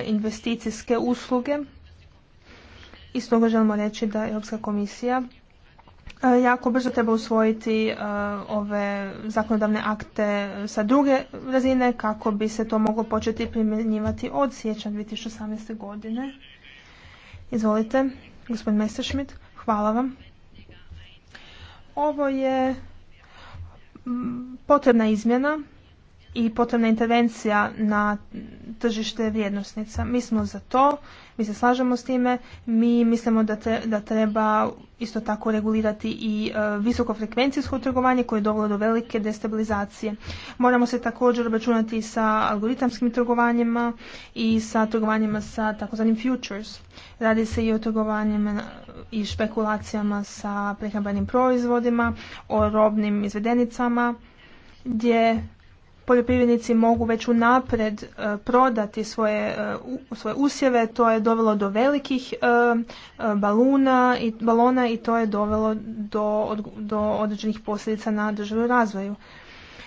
investicijske usluge i stoga želimo reći da Europska komisija e, jako brzo treba usvojiti e, ove zakonodavne akte sa druge razine kako bi se to moglo početi primjenjivati od siječnja 2018. godine. Izvolite, gospodin Messerschmidt, hvala vam. Ovo je potrebna izmjena i potrebna intervencija na tržište vrijednosnica. Mi smo za to, mi se slažemo s time, mi mislimo da, da treba isto tako regulirati i e, visokofrekvencijsko trgovanje koje je dovelo do velike destabilizacije. Moramo se također obračunati sa algoritamskim trgovanjima i sa trgovanjima sa takozvanim futures. Radi se i o trgovanjima i špekulacijama sa prehrambenim proizvodima, o robnim izvedenicama, gdje poljoprivrednici mogu već unapred e, prodati svoje, e, svoje usjeve, to je dovelo do velikih e, baluna i balona i to je dovelo do, određenih posljedica na državu razvoju.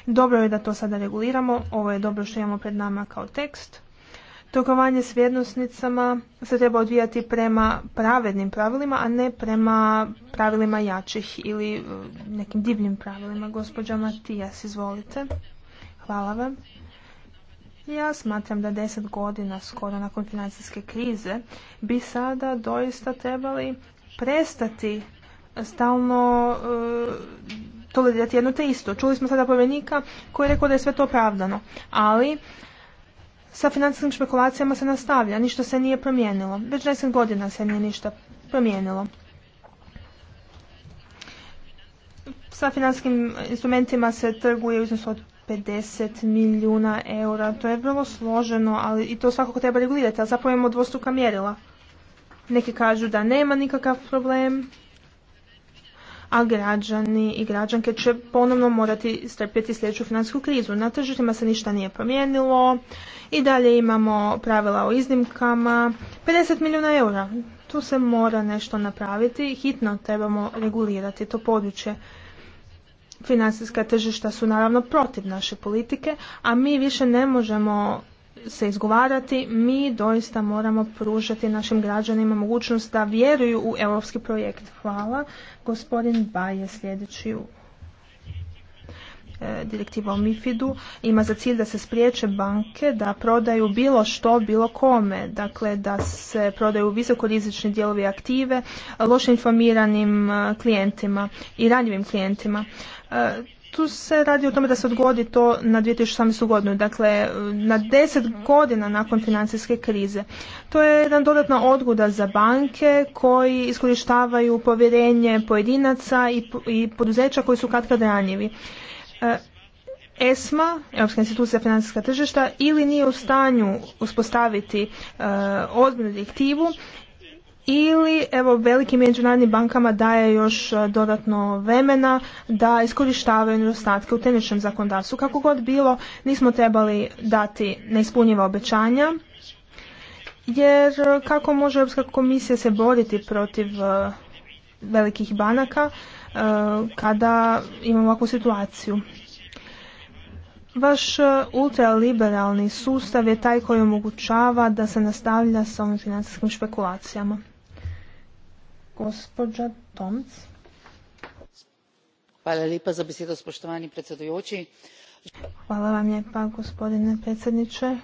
Dobro je da to sada reguliramo, ovo je dobro što imamo pred nama kao tekst. Trgovanje s vrijednosnicama se treba odvijati prema pravednim pravilima, a ne prema pravilima jačih ili nekim divnim pravilima. Gospođa Matijas, izvolite. Hvala vam. Ja smatram da deset godina skoro nakon financijske krize bi sada doista trebali prestati stalno to e, tolerirati jedno te isto. Čuli smo sada povjerenika koji je rekao da je sve to opravdano, ali sa financijskim špekulacijama se nastavlja, ništa se nije promijenilo. Već deset godina se nije ništa promijenilo. Sa financijskim instrumentima se trguje u iznosu od 50 milijuna eura. To je vrlo složeno, ali i to svakako treba regulirati, ali zapravo imamo dvostruka mjerila. Neki kažu da nema nikakav problem, a građani i građanke će ponovno morati strpjeti sljedeću financijsku krizu. Na tržištima se ništa nije promijenilo i dalje imamo pravila o iznimkama. 50 milijuna eura, tu se mora nešto napraviti, hitno trebamo regulirati to područje financijska tržišta su naravno protiv naše politike, a mi više ne možemo se izgovarati, mi doista moramo pružati našim građanima mogućnost da vjeruju u europski projekt. Hvala. Gospodin Baj je sljedeći u e, direktiva o MIFID-u ima za cilj da se spriječe banke da prodaju bilo što bilo kome, dakle da se prodaju visokorizični dijelovi aktive loše informiranim e, klijentima i ranjivim klijentima. E, tu se radi o tome da se odgodi to na 2018. godinu, dakle e, na 10 godina nakon financijske krize. To je jedan dodatna odgoda za banke koji iskorištavaju povjerenje pojedinaca i poduzeća koji su katkad ranjivi. E, ESMA, Europska institucija financijska tržišta, ili nije u stanju uspostaviti e, direktivu ili evo velikim međunarodnim bankama daje još e, dodatno vremena da iskorištavaju nedostatke u tehničkom zakonodavstvu. Kako god bilo, nismo trebali dati neispunjiva obećanja, jer e, kako može Europska komisija se boriti protiv e, velikih banaka kada imamo ovakvu situaciju? Vaš ultraliberalni sustav je taj koji omogućava da se nastavlja sa ovim financijskim špekulacijama. Hvala vam lijepa, gospodine predsjedniče.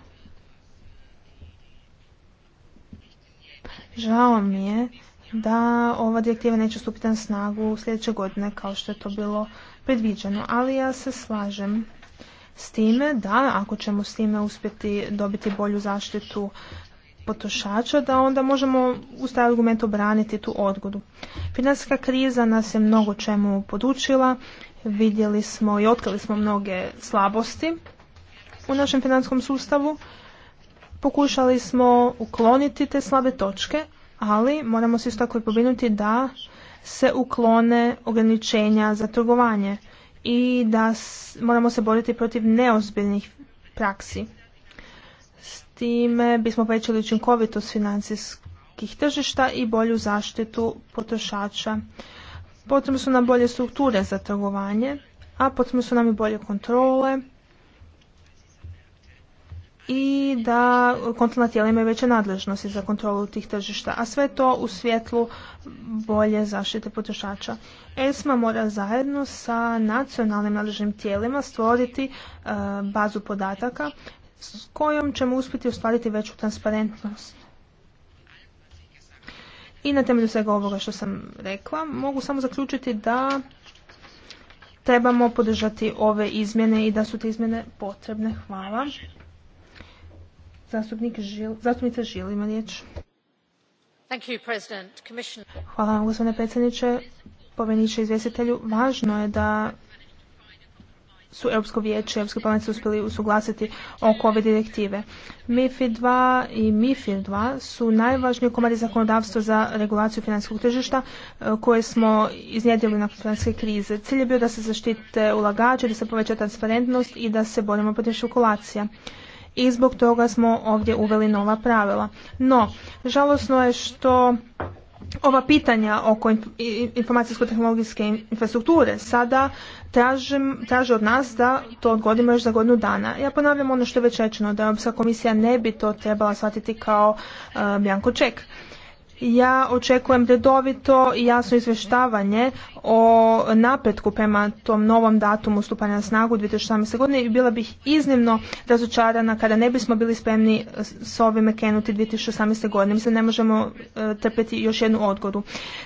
Žao mi je da ova direktiva neće stupiti na snagu sljedeće godine kao što je to bilo predviđeno, ali ja se slažem s time da ako ćemo s time uspjeti dobiti bolju zaštitu potrošača da onda možemo uz taj argument obraniti tu odgodu. Financijska kriza nas je mnogo čemu podučila, vidjeli smo i otkrili smo mnoge slabosti u našem financijskom sustavu. Pokušali smo ukloniti te slabe točke, ali moramo se isto tako i pobinuti da se uklone ograničenja za trgovanje i da moramo se boriti protiv neozbiljnih praksi. Time bismo povećali učinkovitost financijskih tržišta i bolju zaštitu potrošača. Potrebno su nam bolje strukture za trgovanje, a potrebne su nam i bolje kontrole i da kontrolna tijela imaju veće nadležnosti za kontrolu tih tržišta, a sve to u svjetlu bolje zaštite potrošača. ESMA mora zajedno sa nacionalnim nadležnim tijelima stvoriti e, bazu podataka s kojom ćemo uspjeti ostvariti veću transparentnost. I na temelju svega ovoga što sam rekla, mogu samo zaključiti da trebamo podržati ove izmjene i da su te izmjene potrebne. Hvala. Zastupnik Žil, zastupnica Žil ima riječ. Hvala vam, gospodine predsjedniče. Poveniče izvjestitelju, važno je da su Europsko vijeće i Europske parlament uspjeli usuglasiti oko ove direktive. MIFID 2 i MIFID 2 su najvažniji komadi zakonodavstva za regulaciju financijskog tržišta e, koje smo iznijedili nakon financijske krize. Cilj je bio da se zaštite ulagače, da se poveća transparentnost i da se borimo protiv šokolacija i zbog toga smo ovdje uveli nova pravila. No, žalosno je što ova pitanja oko informacijsko-tehnologijske infrastrukture sada traže od nas da to odgodimo još za godinu dana. Ja ponavljam ono što je već rečeno, da Europska komisija ne bi to trebala shvatiti kao eh, bjanko ček ja očekujem redovito i jasno izvještavanje o napretku prema tom novom datumu stupanja na snagu 2018. godine i bila bih iznimno razočarana kada ne bismo bili spremni s ovime kenuti 2018. godine. Mislim ne možemo e, trpeti još jednu odgodu.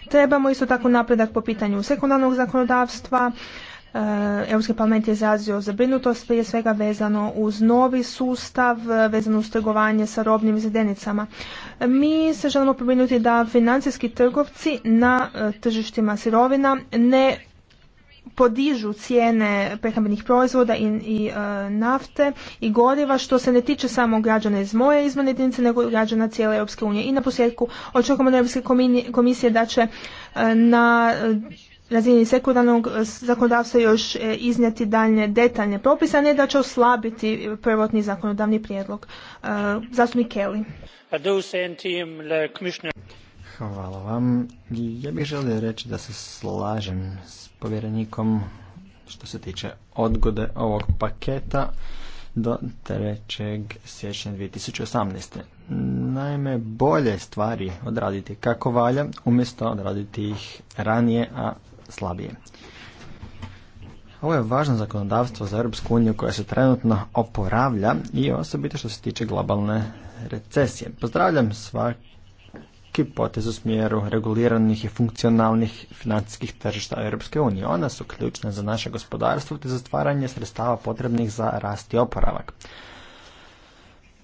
Trebamo isto tako napredak po pitanju sekundarnog zakonodavstva, E, Europski parlament je izrazio zabrinutost prije svega vezano uz novi sustav, e, vezano uz trgovanje sa robnim izvedenicama. E, mi se želimo pobrinuti da financijski trgovci na tržištima sirovina ne podižu cijene prehrambenih proizvoda i, i nafte i goriva što se ne tiče samo građana iz moje izmene jedinice nego građana cijele Europske unije. I na posljedku očekujemo da Europske komisije da će na razini sekundarnog e, zakonodavstva još e, iznijeti daljne detaljne propise, a ne da će oslabiti prvotni zakonodavni prijedlog. E, zastupnik Kelly. Hvala vam. Ja bih želio reći da se slažem s povjerenikom što se tiče odgode ovog paketa do 3. siječnja 2018. Naime, bolje stvari odraditi kako valja, umjesto odraditi ih ranije, a slabije. Ovo je važno zakonodavstvo za Europsku uniju koja se trenutno oporavlja i osobito što se tiče globalne recesije. Pozdravljam svaki potez u smjeru reguliranih i funkcionalnih financijskih tržišta Europske unije. Ona su ključne za naše gospodarstvo te za stvaranje sredstava potrebnih za rast i oporavak.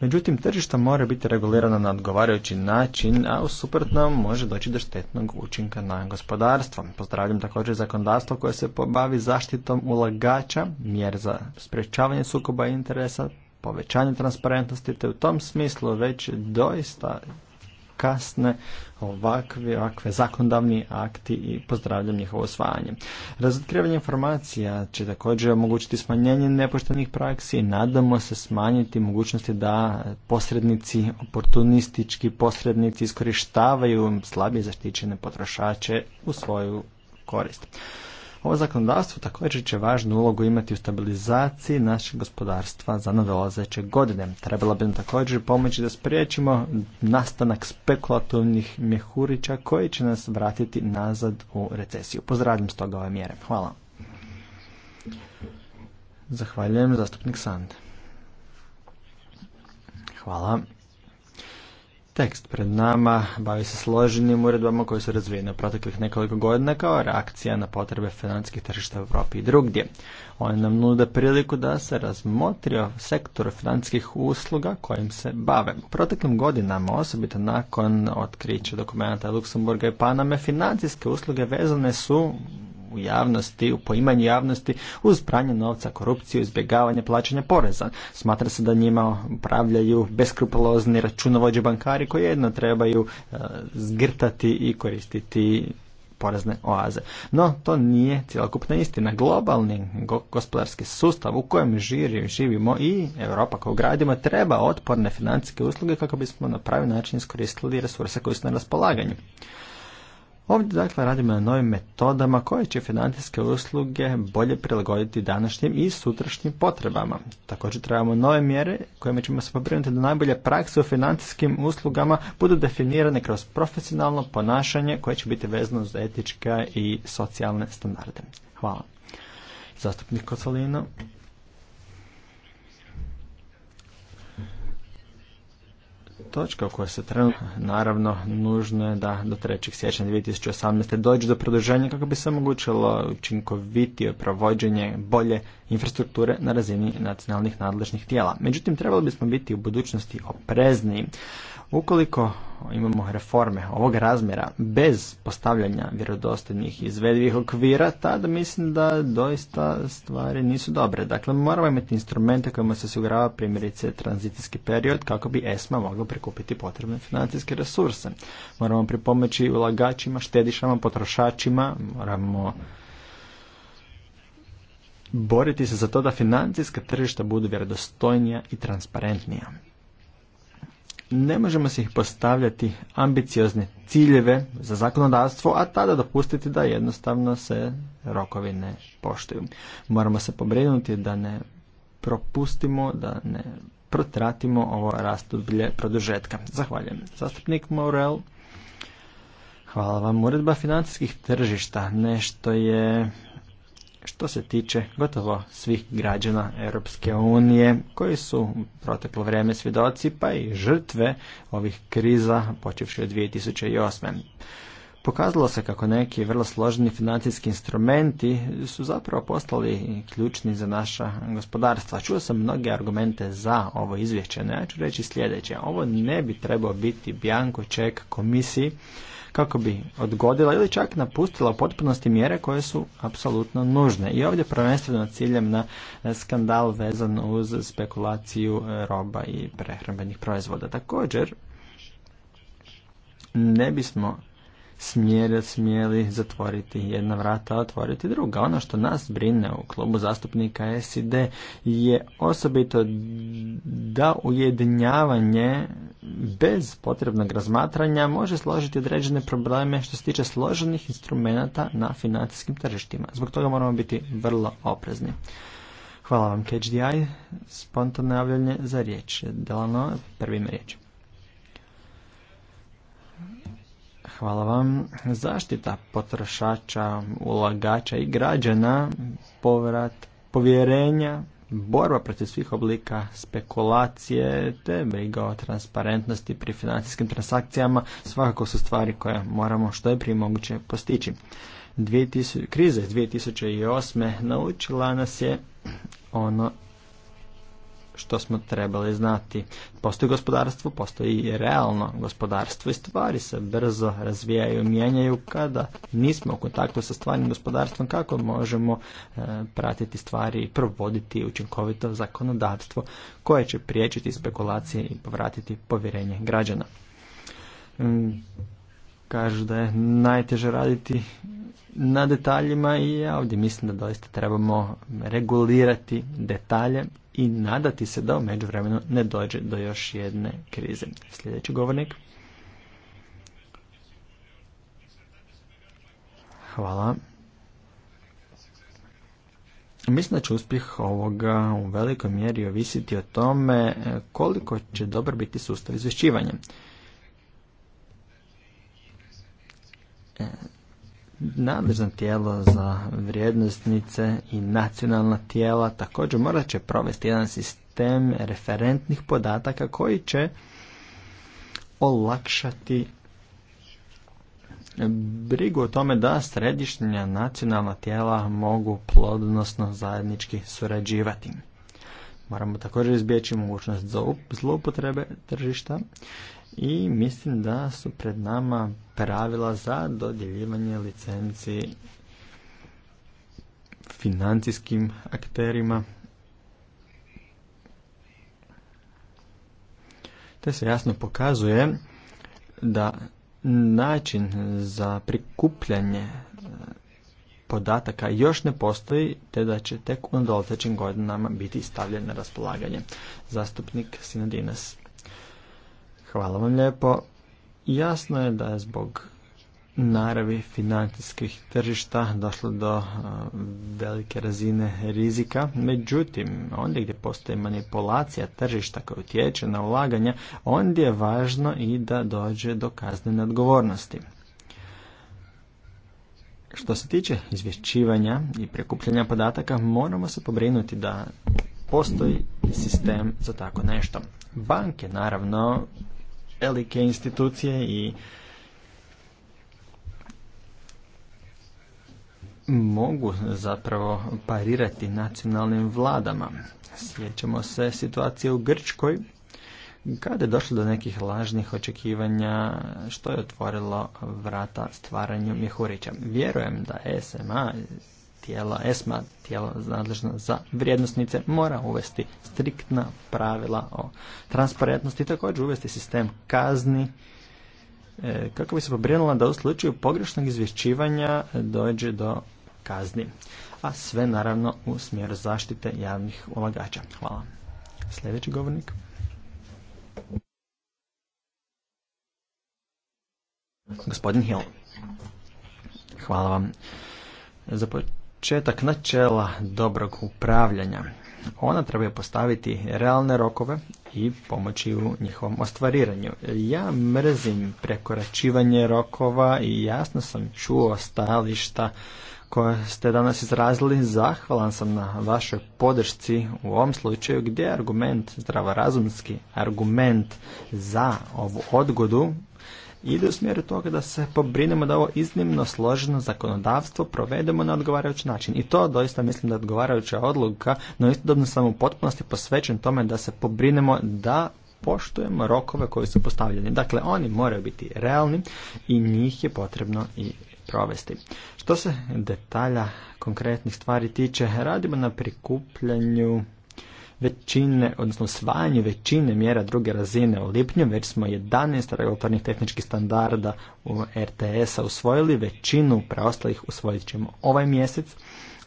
Međutim, tržišta mora biti regulirana na odgovarajući način, a u suprotnom može doći do štetnog učinka na gospodarstvo. Pozdravljam također zakonodavstvo koje se pobavi zaštitom ulagača, mjer za sprečavanje sukoba interesa, povećanje transparentnosti, te u tom smislu već doista kasne ovakvi, ovakve zakondavni akti i pozdravljam njihovo osvajanje. Razotkrivanje informacija će također omogućiti smanjenje nepoštenih praksi i nadamo se smanjiti mogućnosti da posrednici, oportunistički posrednici iskorištavaju slabije zaštićene potrošače u svoju korist. Ovo zakonodavstvo također će važnu ulogu imati u stabilizaciji našeg gospodarstva za nadolazeće godine. Trebalo bi nam također pomoći da spriječimo nastanak spekulativnih mjehurića koji će nas vratiti nazad u recesiju. Pozdravljam stoga ove mjere. Hvala. Zahvaljujem zastupnik Sand. Hvala. Tekst pred nama bavi se složenim uredbama koje su razvijene u proteklih nekoliko godina kao reakcija na potrebe financijskih tržišta u Europi i drugdje. One nam nude priliku da se razmotri o sektoru financijskih usluga kojim se bave. U proteklim godinama, osobito nakon otkrića dokumenta Luksemburga i Paname, financijske usluge vezane su u javnosti, u poimanju javnosti uz pranje novca, korupciju, izbjegavanje plaćanja poreza. Smatra se da njima upravljaju beskrupulozni računovođe bankari koji jedno trebaju e, zgrtati i koristiti porezne oaze. No, to nije cjelokupna istina. Globalni gospodarski sustav u kojem živi, živimo i Europa koju gradimo treba otporne financijske usluge kako bismo na pravi način iskoristili resurse koji su na raspolaganju. Ovdje dakle radimo na novim metodama koje će financijske usluge bolje prilagoditi današnjim i sutrašnjim potrebama. Također trebamo nove mjere kojima ćemo se pobrinuti da najbolje prakse u financijskim uslugama budu definirane kroz profesionalno ponašanje koje će biti vezano za etičke i socijalne standarde. Hvala. Zastupnik Kocolino. točka u kojoj se trenutno, naravno, nužno je da do 3. siječnja 2018. dođe do produženja kako bi se omogućilo učinkovitije provođenje bolje infrastrukture na razini nacionalnih nadležnih tijela. Međutim, trebali bismo biti u budućnosti oprezniji Ukoliko imamo reforme ovog razmjera bez postavljanja vjerodostojnih izvedivih okvira, tada mislim da doista stvari nisu dobre. Dakle, moramo imati instrumente kojima se osigurava primjerice tranzicijski period kako bi ESMA mogla prikupiti potrebne financijske resurse. Moramo pripomoći ulagačima, štedišama, potrošačima, moramo boriti se za to da financijska tržišta budu vjerodostojnija i transparentnija. Ne možemo se ih postavljati ambiciozne ciljeve za zakonodavstvo, a tada dopustiti da jednostavno se rokovi ne poštuju. Moramo se pobrinuti da ne propustimo, da ne protratimo ovo rastoblje produžetka. Zahvaljujem. Zastupnik Morel. Hvala vam. Uredba financijskih tržišta nešto je što se tiče gotovo svih građana Europske unije koji su proteklo vrijeme svjedoci pa i žrtve ovih kriza počevši od 2008. Pokazalo se kako neki vrlo složeni financijski instrumenti su zapravo postali ključni za naša gospodarstva. Čuo sam mnoge argumente za ovo izvješće, no ja ću reći sljedeće. Ovo ne bi trebao biti bjanko ček komisiji kako bi odgodila ili čak napustila potpunosti mjere koje su apsolutno nužne. I ovdje prvenstveno ciljem na skandal vezan uz spekulaciju e, roba i prehrambenih proizvoda. Također, ne bismo smjere smjeli zatvoriti jedna vrata, otvoriti druga. Ono što nas brine u klubu zastupnika SID je osobito da ujedinjavanje bez potrebnog razmatranja može složiti određene probleme što se tiče složenih instrumenata na financijskim tržištima. Zbog toga moramo biti vrlo oprezni. Hvala vam, KHDI. Spontano javljanje za riječ. Delano, prvim riječ. Hvala vam. Zaštita potrošača, ulagača i građana, povrat povjerenja, borba protiv svih oblika spekulacije te briga o transparentnosti pri financijskim transakcijama svakako su stvari koje moramo što je prije moguće postići. 2000, kriza iz 2008. naučila nas je ono što smo trebali znati. Postoji gospodarstvo, postoji i realno gospodarstvo i stvari se brzo razvijaju, mijenjaju kada nismo u kontaktu sa stvarnim gospodarstvom kako možemo e, pratiti stvari i provoditi učinkovito zakonodavstvo koje će priječiti spekulacije i povratiti povjerenje građana. Mm, kažu da je najteže raditi na detaljima i ja ovdje mislim da doista trebamo regulirati detalje i nadati se da u međuvremenu ne dođe do još jedne krize. Sljedeći govornik. Hvala. Mislim da će uspjeh ovoga u velikoj mjeri ovisiti o tome e, koliko će dobar biti sustav izvješćivanja. E, Nadležno tijelo za vrijednostnice i nacionalna tijela također morat će provesti jedan sistem referentnih podataka koji će olakšati brigu o tome da središnja nacionalna tijela mogu plodnosno zajednički surađivati. Moramo također izbjeći mogućnost za zloupotrebe tržišta i mislim da su pred nama pravila za dodjeljivanje licenci financijskim akterima te se jasno pokazuje da način za prikupljanje eh, podataka još ne postoji, te da će tek u nadoletećim godinama biti stavljen na raspolaganje. Zastupnik Sinadinas. Hvala vam lijepo. Jasno je da je zbog naravi financijskih tržišta došlo do velike razine rizika. Međutim, ondje gdje postoji manipulacija tržišta koja utječe na ulaganja, ondje je važno i da dođe do kaznene odgovornosti. Što se tiče izvješćivanja i prikupljanja podataka, moramo se pobrinuti da postoji sistem za tako nešto. Banke, naravno, velike institucije i mogu zapravo parirati nacionalnim vladama. Sjećamo se situacije u Grčkoj kada je došlo do nekih lažnih očekivanja što je otvorilo vrata stvaranju Mihurića. Vjerujem da SMA tijela ESMA, tijela nadležna za vrijednosnice, mora uvesti striktna pravila o transparentnosti i također uvesti sistem kazni e, kako bi se pobrinula da u slučaju pogrešnog izvješćivanja dođe do kazni. A sve naravno u smjeru zaštite javnih ulagača. Hvala. Sljedeći govornik. Gospodin Hill. Hvala vam početak načela dobrog upravljanja. Ona treba postaviti realne rokove i pomoći u njihovom ostvariranju. Ja mrzim prekoračivanje rokova i jasno sam čuo stajališta koje ste danas izrazili. Zahvalan sam na vašoj podršci u ovom slučaju gdje je argument, zdravorazumski argument za ovu odgodu ide u smjeru toga da se pobrinemo da ovo iznimno složeno zakonodavstvo provedemo na odgovarajući način. I to doista mislim da je odgovarajuća odluka, no istodobno sam u potpunosti posvećen tome da se pobrinemo da poštujemo rokove koji su postavljeni. Dakle, oni moraju biti realni i njih je potrebno i provesti. Što se detalja konkretnih stvari tiče, radimo na prikupljanju većine, odnosno usvajanju većine mjera druge razine u lipnju, već smo 11 regulatornih tehničkih standarda u RTS-a usvojili, većinu preostalih usvojit ćemo ovaj mjesec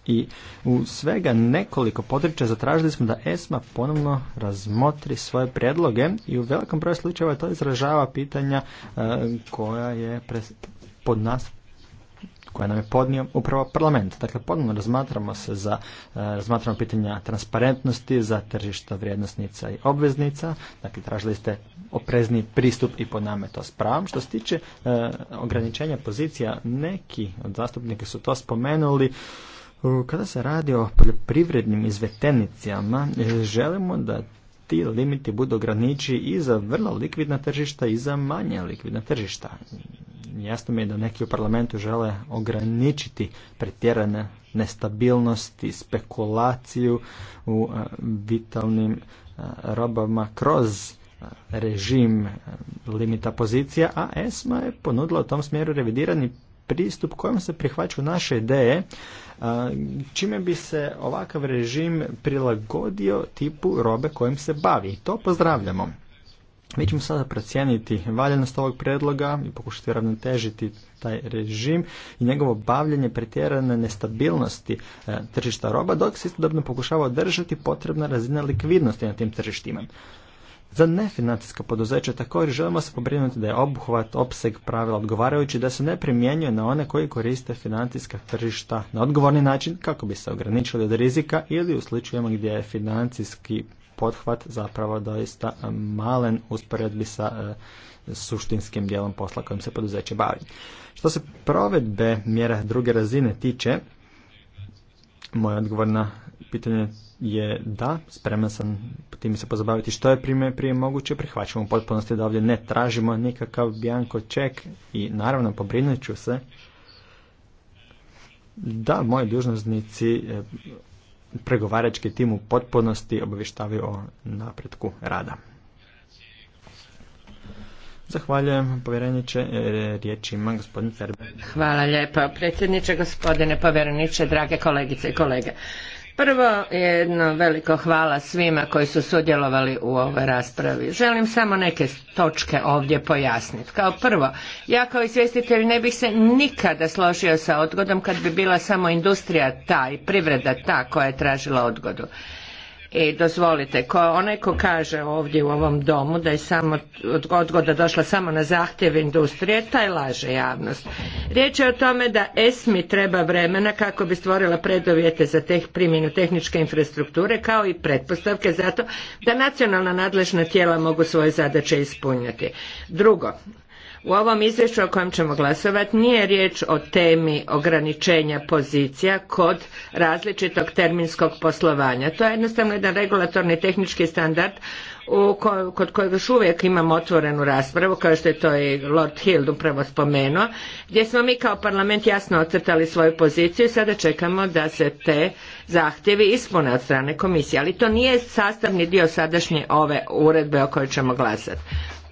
i u svega nekoliko područja zatražili smo da ESMA ponovno razmotri svoje prijedloge i u velikom broju slučajeva to izražava pitanja e, koja je pod nas koje nam je podnio upravo parlament. Dakle, ponovno razmatramo se za e, razmatramo pitanja transparentnosti za tržišta vrijednosnica i obveznica. Dakle, tražili ste oprezni pristup i po name to s pravom. Što se tiče e, ograničenja pozicija, neki od zastupnika su to spomenuli. E, kada se radi o poljoprivrednim izvetenicijama, želimo da ti limiti budu ograniči i za vrlo likvidna tržišta i za manje likvidna tržišta. Jasno mi je da neki u parlamentu žele ograničiti pretjerane nestabilnosti, spekulaciju u vitalnim robama kroz režim limita pozicija, a ESMA je ponudila u tom smjeru revidirani pristup kojim se prihvaćaju naše ideje, čime bi se ovakav režim prilagodio tipu robe kojim se bavi. To pozdravljamo. Mi ćemo sada procijeniti valjanost ovog predloga i pokušati ravnotežiti taj režim i njegovo bavljanje pretjerane nestabilnosti e, tržišta roba, dok se istodobno pokušava održati potrebna razina likvidnosti na tim tržištima. Za nefinancijska poduzeća također želimo se pobrinuti da je obuhvat, opseg pravila odgovarajući da se ne primjenjuje na one koji koriste financijska tržišta na odgovorni način kako bi se ograničili od rizika ili u slučajevima gdje je financijski pothvat zapravo doista e, malen usporedbi sa e, suštinskim dijelom posla kojim se poduzeće bavi. Što se provedbe mjera druge razine tiče, moj odgovor na pitanje je da, spreman sam tim se pozabaviti što je prije, prije moguće, prihvaćamo u potpunosti da ovdje ne tražimo nikakav bianco ček i naravno pobrinut ću se da moji dužnosnici e, pregovarački tim u potpunosti obavještavaju o napretku rada. Zahvaljujem, povjereniče. E, riječ ima gospodin Ferber. Hvala lijepa predsjedniče, gospodine povjereniče, drage kolegice i kolege. Prvo jedno veliko hvala svima koji su sudjelovali u ovoj raspravi. Želim samo neke točke ovdje pojasniti. Kao prvo, ja kao izvjestitelj ne bih se nikada složio sa odgodom kad bi bila samo industrija ta i privreda ta koja je tražila odgodu. I e, dozvolite, ko, onaj ko kaže ovdje u ovom domu da je samo odgoda došla samo na zahtjev industrije, taj laže javnost. Riječ je o tome da ESMI treba vremena kako bi stvorila predovjete za teh, primjenu tehničke infrastrukture kao i pretpostavke za to da nacionalna nadležna tijela mogu svoje zadaće ispunjati. Drugo, u ovom izvješću o kojem ćemo glasovati nije riječ o temi ograničenja pozicija kod različitog terminskog poslovanja. To je jednostavno jedan regulatorni tehnički standard kod kojeg još uvijek imamo otvorenu raspravu, kao što je to i Lord Hild upravo spomenuo, gdje smo mi kao parlament jasno ocrtali svoju poziciju i sada čekamo da se te zahtjevi ispune od strane komisije. Ali to nije sastavni dio sadašnje ove uredbe o kojoj ćemo glasati.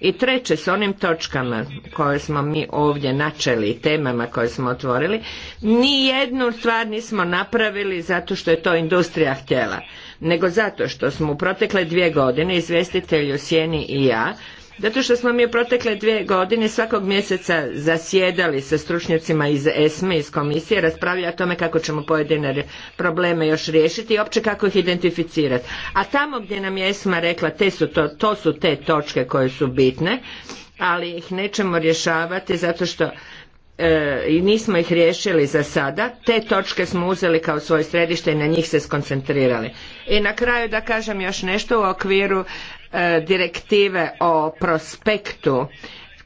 I treće, s onim točkama koje smo mi ovdje načeli i temama koje smo otvorili, ni jednu stvar nismo napravili zato što je to industrija htjela, nego zato što smo u protekle dvije godine izvjestitelj u Sjeni i ja zato što smo mi u protekle dvije godine svakog mjeseca zasjedali sa stručnjacima iz ESME, iz komisije, raspravljali o tome kako ćemo pojedine probleme još riješiti i opće kako ih identificirati. A tamo gdje nam je ESMA rekla te to, to su te točke koje su bitne, ali ih nećemo rješavati zato što e, i nismo ih riješili za sada. Te točke smo uzeli kao svoje središte i na njih se skoncentrirali. I na kraju da kažem još nešto u okviru E, direktive o prospektu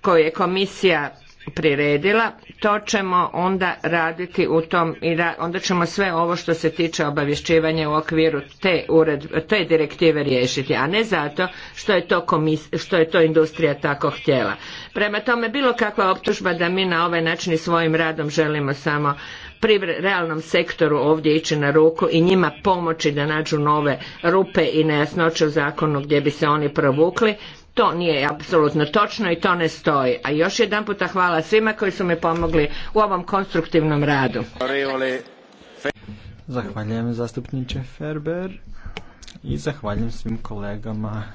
koju je komisija priredila, to ćemo onda raditi u tom i onda ćemo sve ovo što se tiče obavješćivanja u okviru te, ured, te direktive riješiti, a ne zato što je, to komis, što je to industrija tako htjela. Prema tome, bilo kakva optužba da mi na ovaj način i svojim radom želimo samo realnom sektoru ovdje ići na ruku i njima pomoći da nađu nove rupe i nejasnoće u zakonu gdje bi se oni provukli. To nije apsolutno točno i to ne stoji. A još jedan puta hvala svima koji su mi pomogli u ovom konstruktivnom radu. Zahvaljujem zastupniče Ferber i zahvaljujem svim kolegama